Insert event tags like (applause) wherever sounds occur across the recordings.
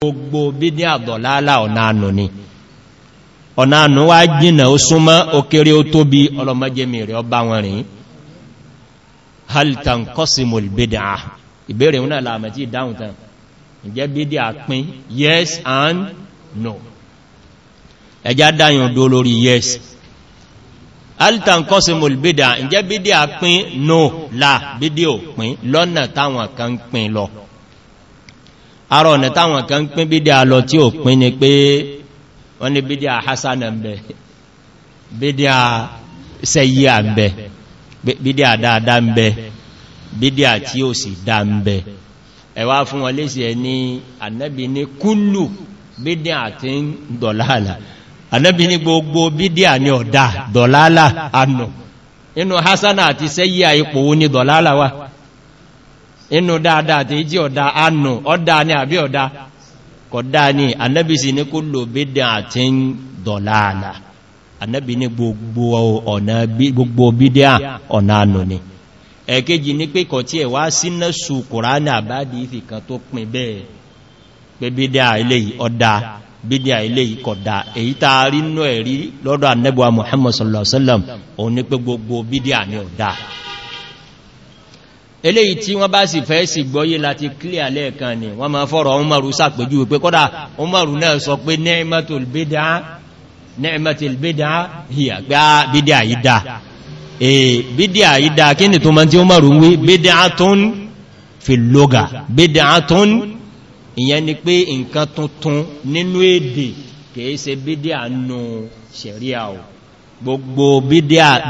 gbogbo bí ní àdọ̀lálà ọ̀nà ànù ni ọ̀nà ànù wá jìnà ó súnmọ́ ó kéré ó tó bí ọlọ́mọ́jẹ́mì rẹ̀ ọba wọn rìn haltan cosimol bida ìbẹ̀rẹ̀ wọn láàmà tí ìdáhùn tán ìjẹ́ bí dí yes and no ẹjá dáyùn dó lórí yes haltan cosimol bida ìjẹ́ bí dí no la bí dí òpin lọ́nà táwọn kan pin lọ àrọ̀ ọ̀nà táwọn kan pín bídí àlọ tí ò pín ni pé wọ́n ní bídí àhásánà mbẹ̀ bídí àṣẹ́yí àmbẹ̀ bídí àdáadá mbẹ̀ bídí àti ò sì dá fún wọn ní ní kúlù bídí ní gbogbo bídí àní ọ̀dá dọ̀láàlà ànù inú hasana àti sẹ́yí àìpòwó ni dọ̀láàlà wa inú dáadáa tí jí ọ̀dá ánù ọ̀dá ní àbí ọ̀dá kọ̀dá ní annabi sí ní kó lò bí dán àti ń dọ̀láàlá annabi ní gbogbo bídá ọ̀nà ánù ni ẹ̀kejì ní pé kọ̀ tí ẹ̀ e wá sí nẹ́sù kòránà àbádì ìfì kan tó pin bẹ́ẹ̀ pé bídá ilé ọ̀dá bídí àilé ìkọ̀dá èyí taari nú ẹ̀rí e lọ́dọ̀ annabuwa muhammadu sallallahu alaihi wasallam òun ní pé gbogbo bídí à ní ọ̀dá eléyìí tí wọ́n bá sì fẹ́ sì gbọ́yé láti clear lẹ́ẹ̀kan ni wọ́n ma fọ́rọ̀ ọmọrù sàpèjú pé kọ́dá ọmọrù náà sọ pé nẹ́ẹ̀mẹ́tìlbídá hìyàgbá bídí àyídá èè bídí àyídá kí ni tó ma tí ọmọrù wí bídí gbogbo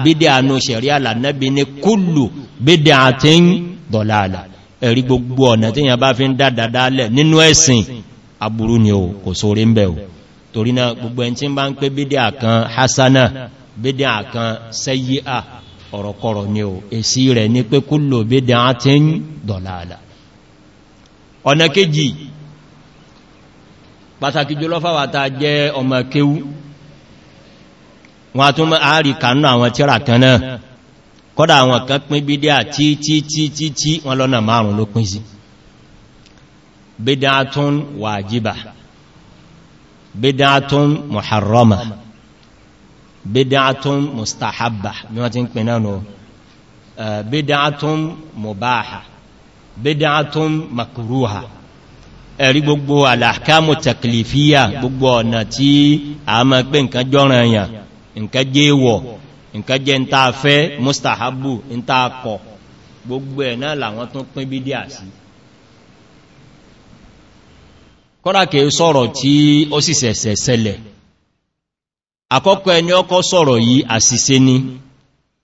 bídíà nù sẹ̀rí alànẹ́bí ní kúlù bídíà tí ń dọ̀láàlà ẹ̀rí gbogbo ọ̀nà tí yàn bá fi ń dádádálẹ̀ nínú ẹ̀sìn aburú ni o kò sóre ń bẹ̀ o torí náà gbogbo ẹn tí ń bá ń pé bídíà kan hasana bídíà kan sẹ́yíà ọ̀rọ̀kọ̀rọ̀ ni o èsí rẹ̀ ní pé kúlù bídíà tí ń dọ̀láàlà ọ̀nà kejì pàtàkì wọn a tún àárí kanú àwọn tíra kan náà kọ́dá àwọn kan pín bídá tí tí tí tí tí wọn lọ́nà márùn ló pín sí bídá tún wàjíbà bídá tún muharrama bídá tún wọ́n ti ń pín náà nù bídá tún mubaha ẹ̀rí gbogbo alákámù taklifíyà gbogbo ọ̀nà tí a mọ̀ pé nǹkan jọ́ràn yàn nǹkan jẹ́ wọ̀ nǹkan jẹ́ mustahabu gbogbo ẹ̀ náà làwọn tún pín bí díà sí kọ́dàkẹ́ sọ̀rọ̀ tí ó sì sẹ̀sẹ̀ sẹlẹ̀ àkọ́kọ́ ẹni ọkọ́ sọ̀rọ̀ yìí ni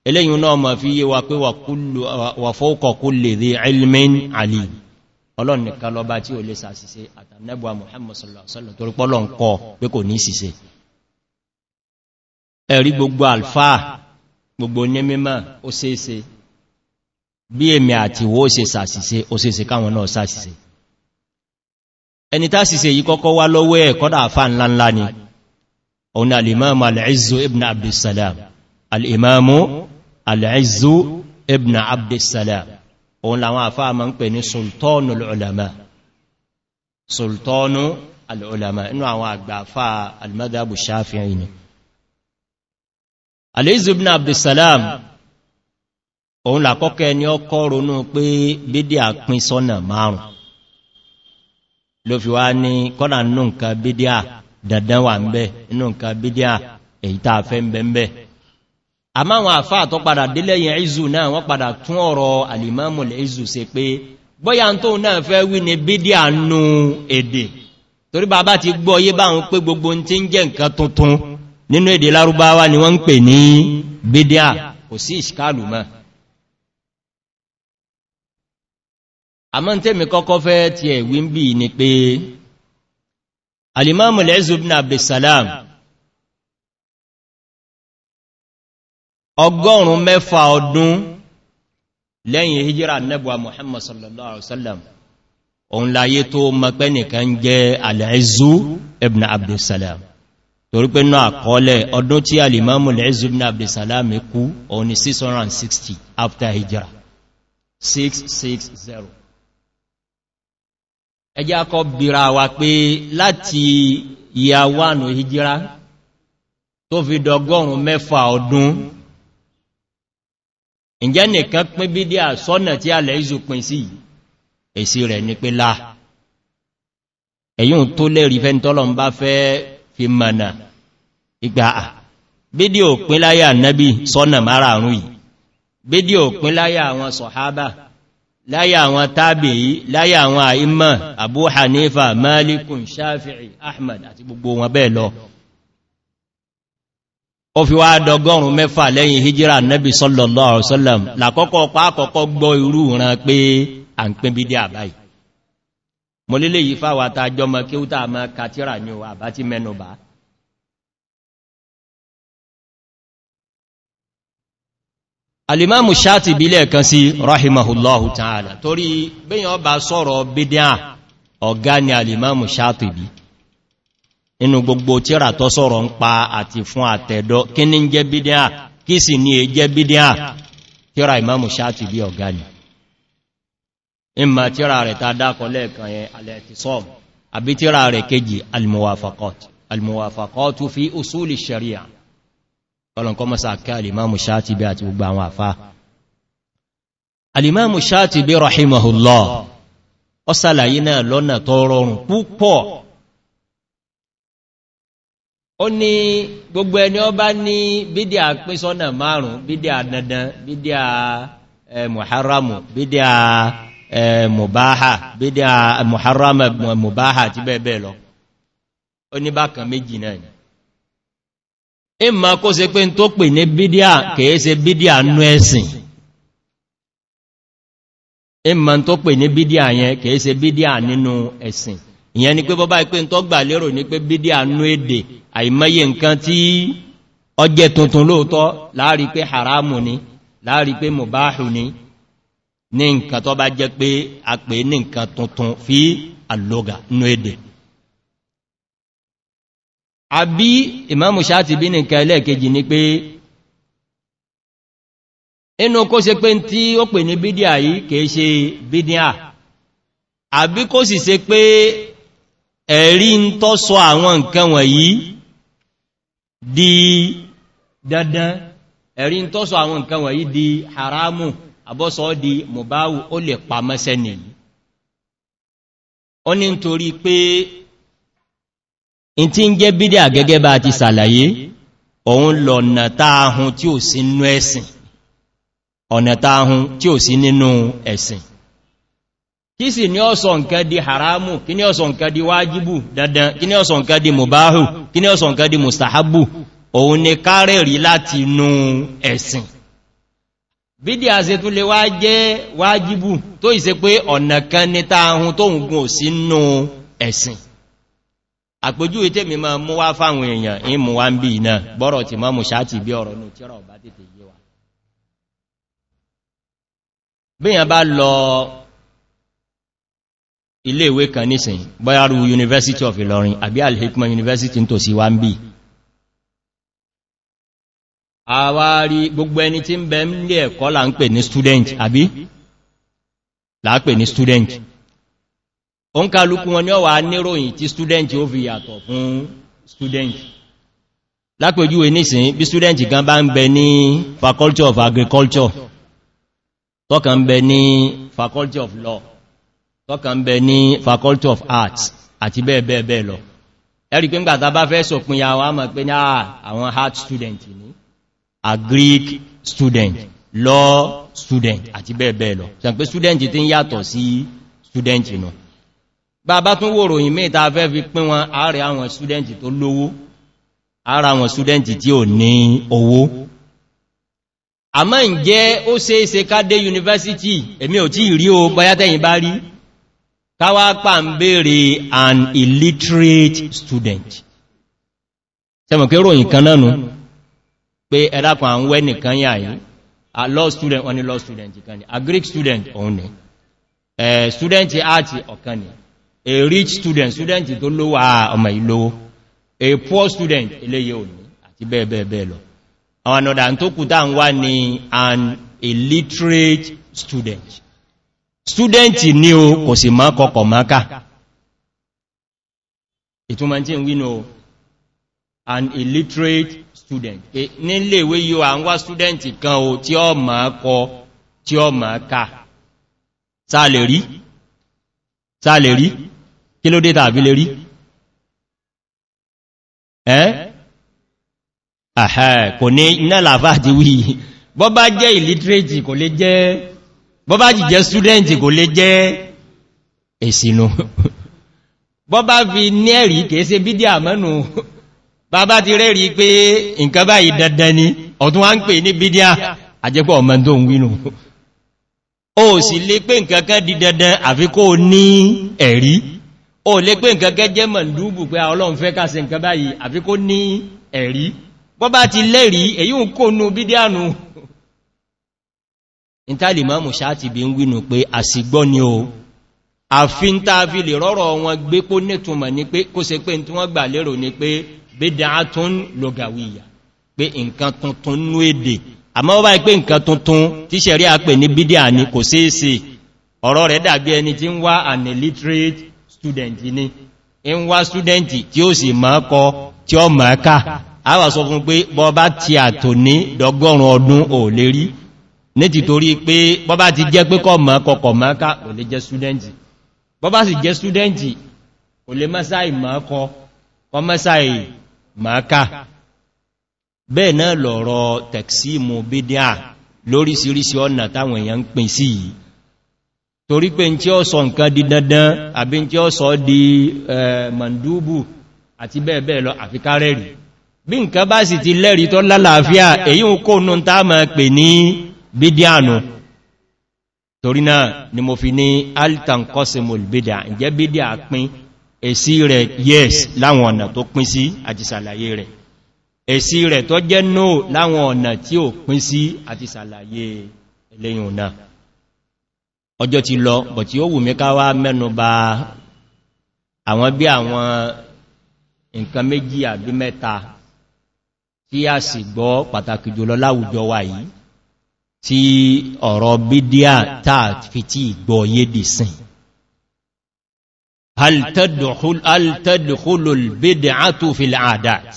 eléyìn náà ma fi yíwa pé wà fóókọ̀ kú lè ali lọba tí ó lè ẹ̀rí gbogbo alfáà gbogbo ní mímọ̀ ó séèsè bí èmì àti wó se sàṣìṣe ó séèsè káwọn náà sàṣìṣe ẹni tàṣìṣe yìí kọ́kọ́ wá lọ́wọ́ ẹ̀ kọ́dà àfà ńláńlá ni òun alìmọ́mù alìzú ibn abdulsalam alìmọ́mù alìzú ibn abdulsalam òun làwọn àfà ma ń pè ní sultanu al'ulama sultanu al'ulama inú àwọn àgbàfà alìmọ́dàbù shafi'ini àlèzù ibn abdulsalam òun làkọ́kẹ́ ni ọkọ́ ronú pé bídí àpín sọ́nà márùn ló fi wá ní kọ́nà nù nǹkan bídí à dandan wà ń bẹ́ inú nǹkan bídí à èyí tàà fẹ́ ń bẹ́ ń bẹ́ àmáwọn àfá àtọ́ padà délẹ́yìn ìzù náà wọ́n padà torí bàbá ti gbọ́ yé báwọn pé gbogbo ti ń jẹ́ nǹkan tuntun nínú èdè lárúbáwá ni wọ́n ń pè ní bídíà kò sí ìṣkálù mọ́ àmọ́ tí èmì kọ́kọ́ fẹ́ ti ẹ̀wí ń bí ni pé alimamu lẹ́zùbín abdìsàlám ọgọ́rùn-ún mẹ́fà ọdún lẹ́yìn hijira nẹ́bùwa muhammad sallallahu alaihi torípé náà àkọọ́lẹ̀ ọdún tí alìmọ́mù lẹ́zùm náà abdìsàlámi kú òun ni 660 after hijra 660 ẹjá kọ bìíra wà pé láti ìyà wánù hijra tó fi dọgọ́rùn mẹ́fà ọdún ìjẹ́ nìkan pín bí díà sọ́nà tí a lẹ́zù pín sí èsì rẹ̀ ní pé láà èyí tó lẹ́rìí fẹ́ ń bá fẹ́ fi mọ̀nà ìgbà à bídí òpin láyà nẹ́bí sọ́nà mara àrùn yìí bídí òpin láyà àwọn sọ̀hábà láyà àwọn tábì yìí láyà àwọn àìmọ̀ àbú hanifa malikun shafi'i ahmad àti gbogbo wọn bẹ́ẹ̀ lọ ó fi wá dọgọ́rùn mẹ́fà lẹ́yìn hijira nẹ́bí sọ́lọ̀lọ́ mo lélè yìí fáwà ta jọmọ kí ó tàà máa kàtírà ní òwà àbá tí mẹ́nubà alìmáàmù sáàtì bílẹ̀ kan sí rahimahullahu ta'ala torí bíyàn ọba sọ́rọ̀ bídíà ọ̀gá ni alìmáàmù sáàtì bí inú gbogbo tíra tọ́ sọ́rọ̀ ń pa àti fún àtẹ̀dọ́ kí ní jẹ́ bídíà kí sì ní è jẹ́ bídíà tíra imáàmù sáàtì bí ọ̀gá ni ìmà tíra rẹ̀ ta dákọ̀ lẹ́ẹ̀kan yẹn alẹ́tisọ́m àbí tíra rẹ̀ kejì almuwafakọ́tù fi usuli sharia ọlọ́nkọ́ masá ká alimamu ṣáti bí àti gbogbo àwọn àfá alimamu ṣáti bí rahimahullah ọ sàlàyé náà lọ́nà mùbáhà bídá muharrama mùbáhà ti bẹ́ẹ̀bẹ́ẹ̀ lọ ó ní bákan méjì náà ni ìmá kó se pé tó pè ní bídíà kèé se bídíà nú ẹ̀sìn ìmá tó pè ní bídíà yẹn kèé se nínú ẹ̀sìn ìyẹn ni pé bọ́bá ipé tó gbà lérò ní pé bídíà nú èdè àìmọ́yé nǹkan tí ọjẹ́ tuntun lóòtọ́ láàrí pé haramu ni láàrí pé mùbáhù ní nǹkan tó bá jẹ́ pé a pè ní nǹkan tuntun fi alloga nú èdè àbí ìmáàmù sáti bí nǹkan ẹlẹ́ẹ̀kejì ni pé inú kó se pé tí ó pè ní bídíà yìí kìí ṣe bídíà àbí kó sì se pé ẹ̀rí ń tọ́ sọ àwọn nǹkan wọ̀nyí di dandan ẹ̀rí ń tọ́ sọ àwọn nǹkan wọ̀nyí di haramu àbọ́sọ́ di mọ̀báwù ó lè pa mẹ́sẹ́ nìyí ó ní nítorí pé in ti ń jẹ́ bídí àgẹ́gẹ́ bá ti sàlàyé òun lọ̀nà táahun tí ò sí nínú ẹ̀sìn ọ̀nà táahun tí ò sí nínú ẹ̀sìn kí sì ní ọ̀sọ̀ nǹkan di haramu kí ní ọ̀sọ̀ nǹkan di wájíbù dandan kí ní ọ̀sọ̀ nǹkan di mubahu kí ní ọ̀sọ̀ nǹkan di mustahabu òun ni kárẹ̀ rí láti nú ẹ̀sìn bídí àṣẹ tó lè wá jẹ́ wájíbù tó ìse pé ọ̀nà kan ní táàhun tó ń gùn sí nú ẹ̀sìn àpójú ìtẹ́ mi máa mú wá fáwọn èèyàn in mú wá ń bí iná bọ́rọ̀ tí mọ́ mú sáàtì bí ọ̀rọ̀ ní tíra ọ̀bá tètè yé wa bíyàn bá lọ ilé ìwé kan nísìn bọ́yárù university of ìlọrin àbí alhikman university tó sí wá ń bí àwárí gbogbo ẹni tí ń bẹ ń lé ẹ̀kọ́ là ń pè ní student àbí láàpè ní student o ń kálukú wọn ni ọ wà níròyìn tí student ó fi yàtọ̀ fún student lápèjúwe nísìn bí student kan bá ń bẹ ní faculty of agriculture tọ́kà ń bẹ ní faculty of law tọ́kà ń bẹ ní faculty of arts àti bẹ́ẹ̀ bẹ́ẹ̀ bẹ́ẹ̀ lọ ẹ̀rí pé ń gbàtà bá fẹ́ sòpin àwọn àmọ̀ pé ní àwọn art student ni a greek student law student àti bẹ́ẹ̀bẹ́ẹ̀ lọ ṣe pé student ti ń yàtọ̀ sí student nù bàbá tún wòrò yìí mẹ́ta fẹ́ fi pín wọn ààrẹ àwọn student tó lówó ara àwọn student tí ò ní owó àmọ́ ń jẹ́ ó ṣeéṣe kádé university èmi ò tí rí o báyátẹ́yìn bá rí káwàá pà ń bèèrè an illiterate student sẹ́mọ̀kẹ́ ròyìn kan náà nù pé ẹ̀dàkùn àwọn wẹ́ nìkan yà yìí a law student wọ́n ni law student kan ni a greek student òun ni student art ọ̀kan ni a rich student student tó lówó ọmọ ìlówó a poor student eléyé òní àti bẹ́ẹ̀bẹ́ẹ̀ lọ àwọn anọ̀dà tó kúta ń wá ni an illiterate student student ni o kò sì má kọkọ̀ máka ìtumọ̀ tí ń wí no an illiterate student e, nílé ìwé yíò à ń wá student kan o tí ọ ma kọ tí ọ ma ká sáàlè rí sáàlè rí kí ló dé tàbí lè rí ẹ́ àhẹ́ kò ní iná làfá àti wí bọ́ bá jẹ́ illiterate kò lè jẹ́ bọ́ bá jìjẹ́ student kò lè jẹ́ èsìnú bọ́ bá fi ní ẹ̀rí kèése bídí àmọ́nù bàbá ti rẹ́ rí pé nǹkan báyìí dandan ni ọ̀tún wá ń pè ní bídíà àjẹ́pọ̀ ọmọ tó ń wínú o sì lè pé nǹkan kan di dandan àfi kó ní ẹ̀rí o lè pé nǹkan kan jẹ́ mọ̀lúbù pé ọlọ́run fẹ́ kásẹ̀ nǹkan báyìí àfi kó ní ẹ̀rí bọ́ bá ti lẹ́rí èyí ń lè rọ́rọ̀ wọn gbé kó nítùmọ̀ ní pé kó se pé tí wọ́n gbà lérò ni pé bídàátún lọ́gàwíyà pé nǹkan tuntun ní èdè àmọ́ wọ́n bá ipé nǹkan tuntun tí sẹ̀rí àpè ní bídíà ní kò séèsè ọ̀rọ̀ rẹ̀ dàbí ẹni tí ń wá an illiterate student ní ń wá student tí ó sì máa kọ tí ó máa ká a wà sọ fún pé bọ́bá ti àtò ní dọ́gọ́rùn ọdún ò lè rí ní ti torí pé bọ́bá ti jẹ́ pé kọ́ máa kọkọ̀ máa ká ò lè jẹ́ student bọ́bá sì jẹ́ student ò lè mẹ́sàì máa kọ kọ mẹ́sàì Maka bẹ́ẹ̀ náà lọ̀rọ̀ tẹ̀ksímù bídíà lóríṣiríṣi ọ̀nà táwọn èèyàn ń pin sí yìí torí pé tí ó sọ nǹkan di dandan àbí tí ó sọ di mandubu àti bẹ́ẹ̀bẹ́ẹ̀ lọ àfikárẹ́rì bí nǹkan bá sì ti lẹ́rìí tó lálàáfíà èyí ń kó nù tá máa pè ní bídíànù torí náà ni mo fi ní altan cosimol bídíà ǹjẹ́ bídíà pín èsí rẹ̀ yes láwọn ọ̀nà tó pín sí àti sàlàyé rẹ̀ èsí rẹ̀ tó jẹ́ no láwọn ọ̀nà tí ó pín sí àti sàlàyé ẹlẹ́yìn náà ọjọ́ ti lọ bọ̀ tí ó wù mí ká mẹ́nu ba àwọn bí àwọn nǹkan méjì àbí mẹ́ta tí a sì gbọ́ pàtàkì jùlọ láwùjọ wà yìí tí ọ̀rọ̀ bídíà tàà fi tí ìgbọ́ yédì sìn هل تدخل هل تدخل البدعه في العادات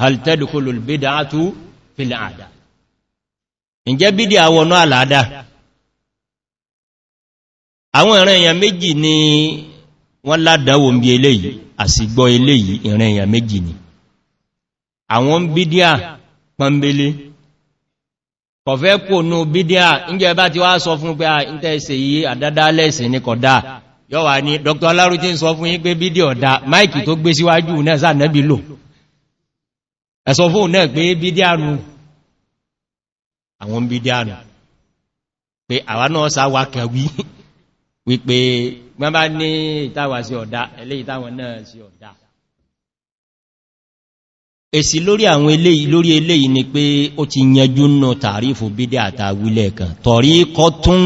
هل تدخل البدعه في العادات ǹjẹ́ bídíà wọnú àlàádá àwọn ìran èèyàn méjì ni wọ́n ládánwò ń bí eléyìí àsìgbọ́ eléyìí ìran èèyàn méjì ni àwọn bídíà pọ̀mbélé kọ̀fẹ́ kò nú bídíà ń jẹ́ bá ti wá sọ fún pé à ń tẹ́ yọ́ wà ní dr alárújí ń sọ fún yí pé bídí ọ̀dá máìkì tó gbé síwájú náà sànẹ́bí lò ẹ̀sọ fún náà pé bídí àrùn àwọn bídí àrùn pé àwa náà sá wa kẹwí (laughs) wípé wọ́n bá ní ìtawà sí ọ̀dá ẹlé ìtawà náà sí ọ̀dá èsì lórí àwọn lórí eléyìí ni pé ó ti yanjú náà tàrífù bídí àtàwílẹ̀ kan tọ̀rí kọ́ tún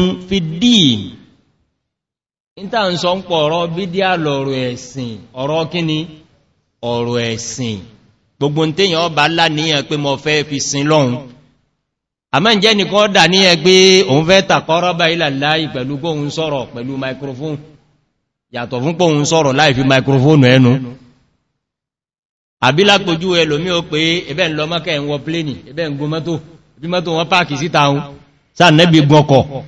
ìta ń sọ ń pọ̀ ọ̀rọ̀ bídíà lọ̀rọ̀ ẹ̀sìn ọ̀rọ̀ kíni ọ̀rọ̀ ẹ̀sìn gbogbo tíyàn ọba láníyàn pé mọ̀ fẹ́ fi sin lọ́hun àmá ń jẹ́ nìkan ọ̀dà ní ẹgbẹ́ òun fẹ́ tàkọ́rọ́bà ìlàláì pẹ̀lú kóhun sọ̀rọ̀ pẹ̀lú microphone yàtọ̀ fún kóhun sọ̀rọ̀ láì fi microphone ẹnu àbí lápòjú ẹlòmí ó pé ẹbẹ́ ń lọ mọ́kẹ́ ń wọ plénì ẹbẹ́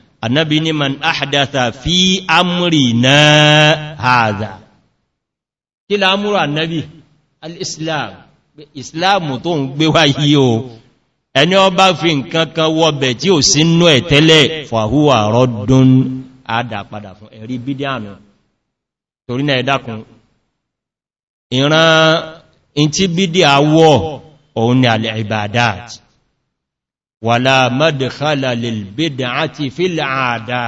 annabi ni man ahdatha fi amri na hadha kila amuru annabi al-islam islam to n gbe wa yi o ẹni ọ bá fi nǹkan kan wọ́bẹ̀ tí ò sí nú ẹ̀ tẹ́lẹ̀ fàhúwà rọ́dún àdàpadà fún ẹ̀rí bídíànù torí náà ẹ̀dàkùn ìran in tí bídíà wọ́ òun ni alẹ́ ìbàdáàtì wàlá mọ́dẹ̀kálà lèlbédà àti fílàádà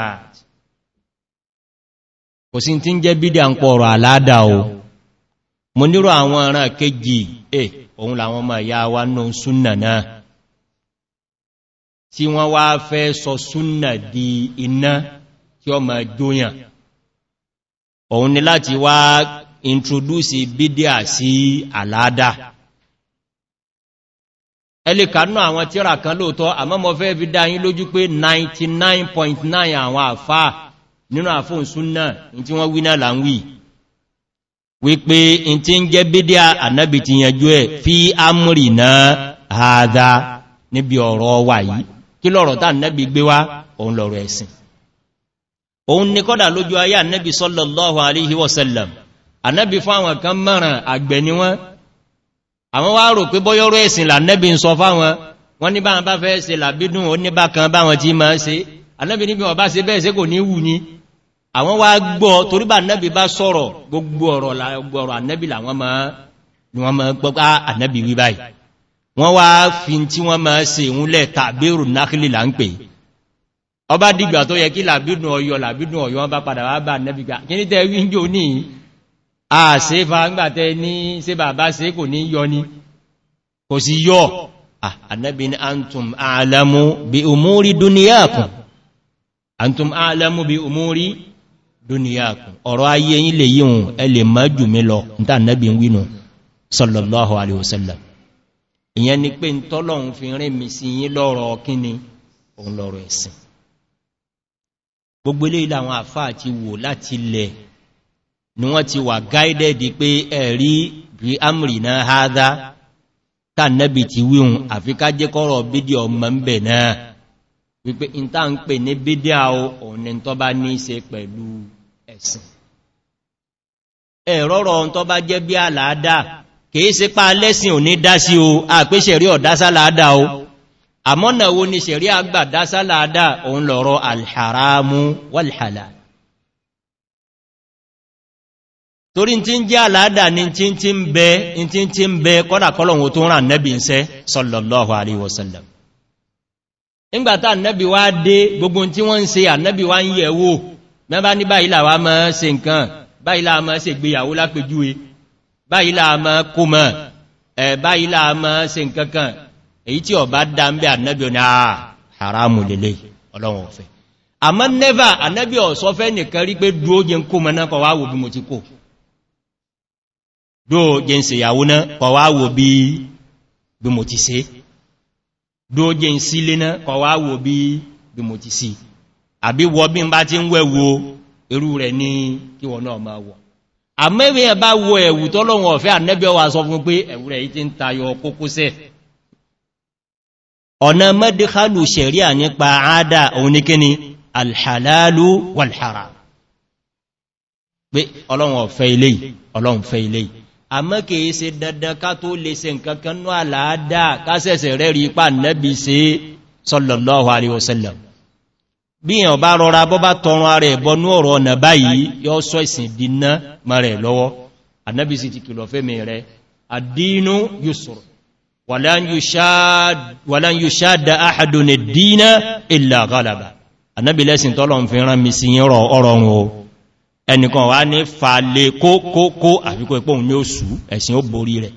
kò sí tí ń jẹ́ bídà ń pọ̀rọ̀ àládà o mo nírò àwọn aràn kéjì e eh, òun làwọn ọmọ ìyá wa náà súnnà náà tí wọ́n wá fẹ́ sọ súnnà di iná tí ó mọ̀ jóyàn òun ni láti wá introduce bídà sí àládà ẹlẹ́kàánú àwọn tíra kan lóòtọ́ àmọ́mọ́ fẹ́ fi dá yín lójú pé 99.9 àwọn àfá nínú àfóǹsún náà tí wọ́n wí náà láwí wípé in ti ń ti ẹ̀ fi ámùrì náà àádá níbi ọ̀rọ̀ wà yìí kí lọ́rọ̀ tá ànábì gbé wá òun lọ́rọ̀ ẹ̀sìn òun ni kọ́dà lójú ayé ànábì sọ́lọ́lọ́hùn àríhíwọ̀sẹ̀lẹ̀m ànábì fún kan àwọn wá rò pé bọ́yọ́rọ̀ ẹ̀sìn lànẹ́bí ń sọ fáwọn wọ́n ní báwọn bá fẹ́ ṣe làbídùn ó ní bá kan báwọn tí máa ṣe anẹ́bí níbi wọ́n bá ṣe bẹ́ẹ̀ ṣe kò ní wù ní àwọn wá gbọ́ torípa anẹ́bí bá sọ̀rọ̀ gbogbo ọ̀rọ̀ anẹ́bí làwọn máa gbọ́gbá anẹ́bí ah, wí báyìí wọ́n a ṣe fa ngbàtẹ ní ṣe bàbá ṣe kò ní yọ ni kò sí yọ annabi ni antum alamu bi umuri duniyakun antum alamu bi umuri duniyakun ọ̀rọ̀ ayé yí lè yíhun ẹ lè má jù mí lọ níta annabi wínú sallallahu alaihi wasallam ni wọ́n ti wà guided pé ẹ̀rí bí amìrì náà hádá tà nẹ́bì ti wíhun àfíká jẹ́ kọ́rọ̀ bídí ọmọ ń bẹ̀ náà wípé in tá ń pè ní bídí àwọ ọ̀nà tó bá ní ṣe pẹ̀lú ẹ̀sìn ẹ̀rọ́rọ̀ tó bá jẹ́ bí àlàádà kìí sí pa lẹ́sìn ò ní dá o àpé ṣẹ̀rí ọ̀dásá làádà o àmọ́nà wo ni ṣẹ̀rí àgbà dásá òun lọ̀rọ̀ alhàrámú wàlhàlá torí tí ń jẹ́ àládà ní tí tí ń bẹ tí tí ń bẹ kọ́dà kọ́lọ̀wọ́ tó rán nẹ́bí ń sẹ́ sọ́lọ̀lọ́wọ́ àríwọ̀sẹ̀lẹ̀m ìgbàtà nẹ́bí wá dé gbogbo tí wọ́n ń se ànẹ́bí wá ń yẹ̀ wò mẹ́bá ní báyìlá wá mọ́ se nǹkan báyìlá mọ́ se gbéyàwó lápẹjúwe báyìlá mọ́ kó mọ́ ẹ̀ báyìlá mọ́ se nǹkan dó jẹ́ ń se ìyàwó náà kọ̀wá wò bí bí mo ti se dó jẹ́ ń sílé náà kọ̀wá wò bí bí mo ti sí àbí wọ bí n bá ti ń wẹ́wo irú rẹ̀ ní kí wọ náà máa wọ àmẹ́rin ẹ̀bá wo ẹ̀wù tọ́lọ́wọ̀n ọ̀fẹ́ ànẹ́bẹ̀ wà sọ fún pé ẹ̀wù rẹ̀ ti ń tayọ kókósẹ̀ ọ̀nà mẹ́díkálù sẹ̀ríà nípa àádà òun ní kíni alhàlálù wàlhàrà pé ọlọ́run ọ̀fẹ́ ilé ọlọ́run fẹ́ ilé yìí àmọ́ kìí se dandan ká tó lè se nǹkan kan ní àlàádá kásẹ̀sẹ̀ rẹ̀ rí ipá nẹ́bí se sọ́lọ̀lọ́wọ́ àríwọ̀sẹ́lẹ̀ bí èyàn bá rọra bọ́ bá tọrọ ara ẹ̀bọ́ ní ọ̀rọ̀ ọ̀nà báyìí yọ́ sọ ìsìn dínà mọ́ rẹ̀ lọ́wọ́ galaba ànábì lẹ́sìn tọ́lọ̀ ń fi rán mi sí ọ̀rọ̀ ẹnìkan wá ní fa lè kókókó àfikò ìpóhun ní oṣù ẹ̀sìn ó borí rẹ̀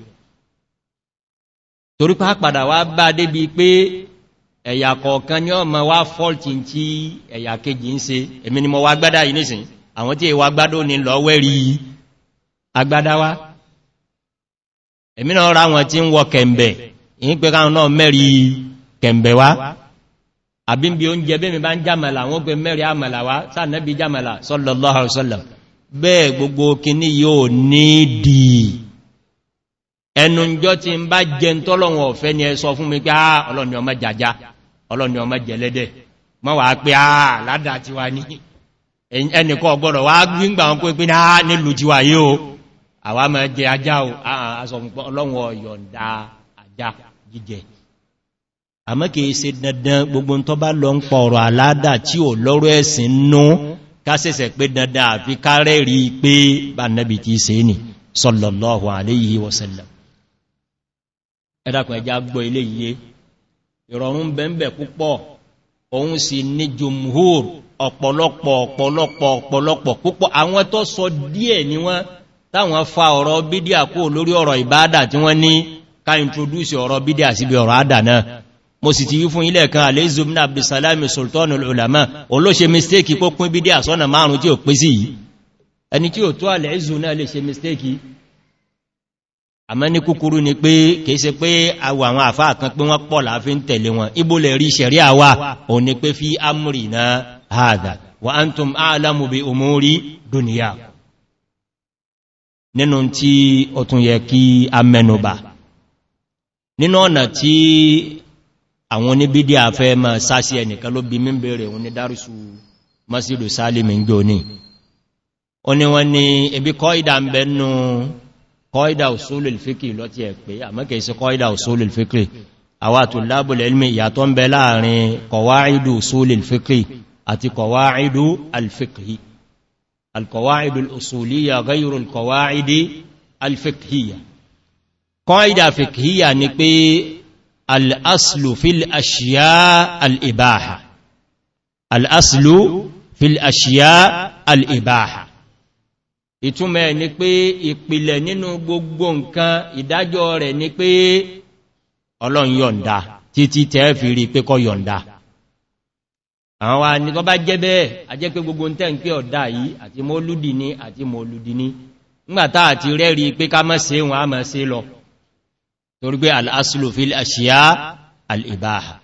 torí pàápàdà wá bá débi pé ẹ̀yà kọ̀ọ̀kan ní ọmọ wá fọ́ltí tí ẹ̀yà kejì ń se èmi ni mo wá gbádá yìí nìsìn àwọn tí èwà gbádó ni lọ wẹ́rí agbádá wá èmi náà ra wọn tí ń wọ kẹ̀m̀bẹ̀ ìyín pé káwọn náà mẹ́rí kẹ̀m̀bẹ̀ wá àbí bí oúnjẹ bí mi bá ń jàmàlà wọ́n pé mẹ́rin àmàlà wá sáànẹ́bí jàmàlà sọ́lọ̀lọ́hàrùsọ́lọ̀ bẹ́ẹ̀ gbogbo kìíní yóò ní dì ẹnujọ́ ti ń bá jẹ tọ́lọ̀wọ̀n ọ̀fẹ́ ni ẹ sọ fún mi pé ọlọ́ni ọmọ jàjá ọlọ́ni ọmọ jẹ̀lẹ́dẹ̀ mọ́ wà pé àládà ti wà àmọ́ kìí se dandan gbogbo tó bá lọ ń pa ọ̀rọ̀ aládà tí ò lọ́rọ̀ ẹ̀sìn nú kásẹsẹ̀ pé dandan àfi kárẹ̀ rí pé bá nẹ́bì ti se ní sọ́lọ̀lọ́hùn àléyìí wọ́sẹ̀lẹ̀ ẹ̀dàkùn ẹja gbọ́ ilé yìí ìrọ̀rùn bẹ̀m̀bẹ̀ púpọ̀ òun sì ní jùmhur ọ̀pọ̀lọpọ̀ ọ̀pọ̀lọpọ̀ táwọn fa ọ̀rọ̀ bídíà kó lórí ọ̀rọ̀ ìbáadà tí wọ́n ní ká introduce ọ̀rọ̀ bídíà síbi ọ̀rọ̀ àdà náà mo sì ti yí fún ilẹ̀ kan alẹ́zùmínà abdùsálàmì sultan al'ulama olóṣe mistake kó pín bí dí àsọ́nà márùn tí ó pín sí yìí ẹni tí ó tó alẹ́zù náà lè ṣe mistake àmọ́ ní kúkúrú ni pé kìí pé àwọ àwọn àfáà kan pé wọ́n pọ̀ láàfí ń tẹ̀lé wọn ibólẹ̀ rí ṣẹ̀rí àwà òun ni pé fi amúrì na hàdà wà á ń tún ààlámù bí omórí dùnìyà nínú tí ó tún yẹ kí a mẹ́nubà nínú ọ̀nà tí àwọn oníbídí àfẹ́ ma sáṣí ẹnìkan ló bí mímbẹ̀rẹ̀ òun ní dárùsù masjidu salim ń jò ní o ni wọ́n ni ibi kọ́ìdà ń bẹ nù kọ́ìdà òsúlù ìfikì lọ́tí ẹ̀ pé àmọ́kẹ̀ isi kọ́ìdà òsúlù ìfikì àwàtò lábùlẹ̀ ilmi ìyàtọ̀ ń bẹ láàrin kọ̀wáìdù òsúlù ìfikì àti kọ̀wáìdù alfikì alkọ̀wáìdù òsúlìyà gẹ́yìrùn kọ̀wáìdì alfikìyà al'aslu fil ashiya al'ibaha al'aslu fil ashiya al'ibaha ìtúnmẹ̀ ni pé ìpìlẹ̀ nínú gbogbo nǹkan ìdájọ́ rẹ̀ ni pé ọlọ́run yọ̀nda títí tẹ́ fi rí pé kọ yọ̀nda àwọn wa ní tó bá jẹ́ bẹ́ẹ̀ a jẹ́ pé gbogbo tẹ́ ń pé ọ̀dá yìí àti mọ́lúdì àti mọ́lúdì ní àti rẹ́rí pé ká mọ́ sí wọn a mọ́ sí lọ torí pé al'aslu fil aṣíyá al'ibaha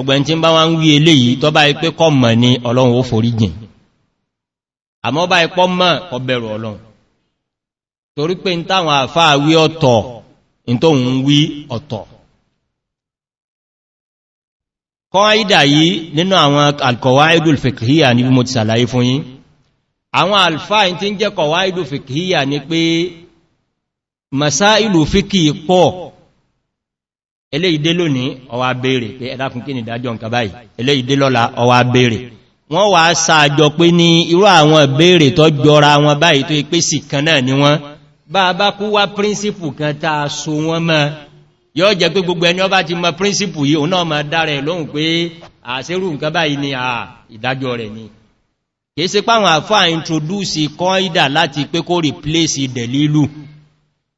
ọgbẹ̀n tí ń bá wá ń wí eléyìí tó bá ipé kọ mọ̀ ní ọlọ́run ó forí jìn àmọ́ bá ipọ́ mọ̀ ọbẹ̀rù ọlọ́run torí pé ń táwọn àfáà wí ọ̀tọ̀ in wí ọ̀tọ̀ kọ́ ìdà yìí nínú àwọn alkọ̀wá idul fikhiya ní bí mo ti sàlàyé fún yí àwọn alfáà tí ń jẹ́ idul fikhiya ni pé masáìlù fíkì pọ̀ ilé ìdé lónìí ọwà bèèrè pé ẹ̀dàkùn kí ni ìdájọ́ nǹkan báyìí ilé ìdé lọ́la ọwà bèèrè wọ́n wà sáàjọ pé ní irú àwọn bèèrè tó jọra wọn báyìí tó ipé sì kan náà ni wọ́n bá bá kú wá príncipù kan ta so wọ́n mọ́ yọ́ jẹ́ pé gbogbo ẹni ọba ti mọ príncipù yìí òun náà dára ẹ̀ lóhun pé àṣírù nǹkan báyìí ni à ìdájọ́ rẹ̀ ni kìí se páwọn àfáà introduce kọ́ ìdà láti pé kó replace delilu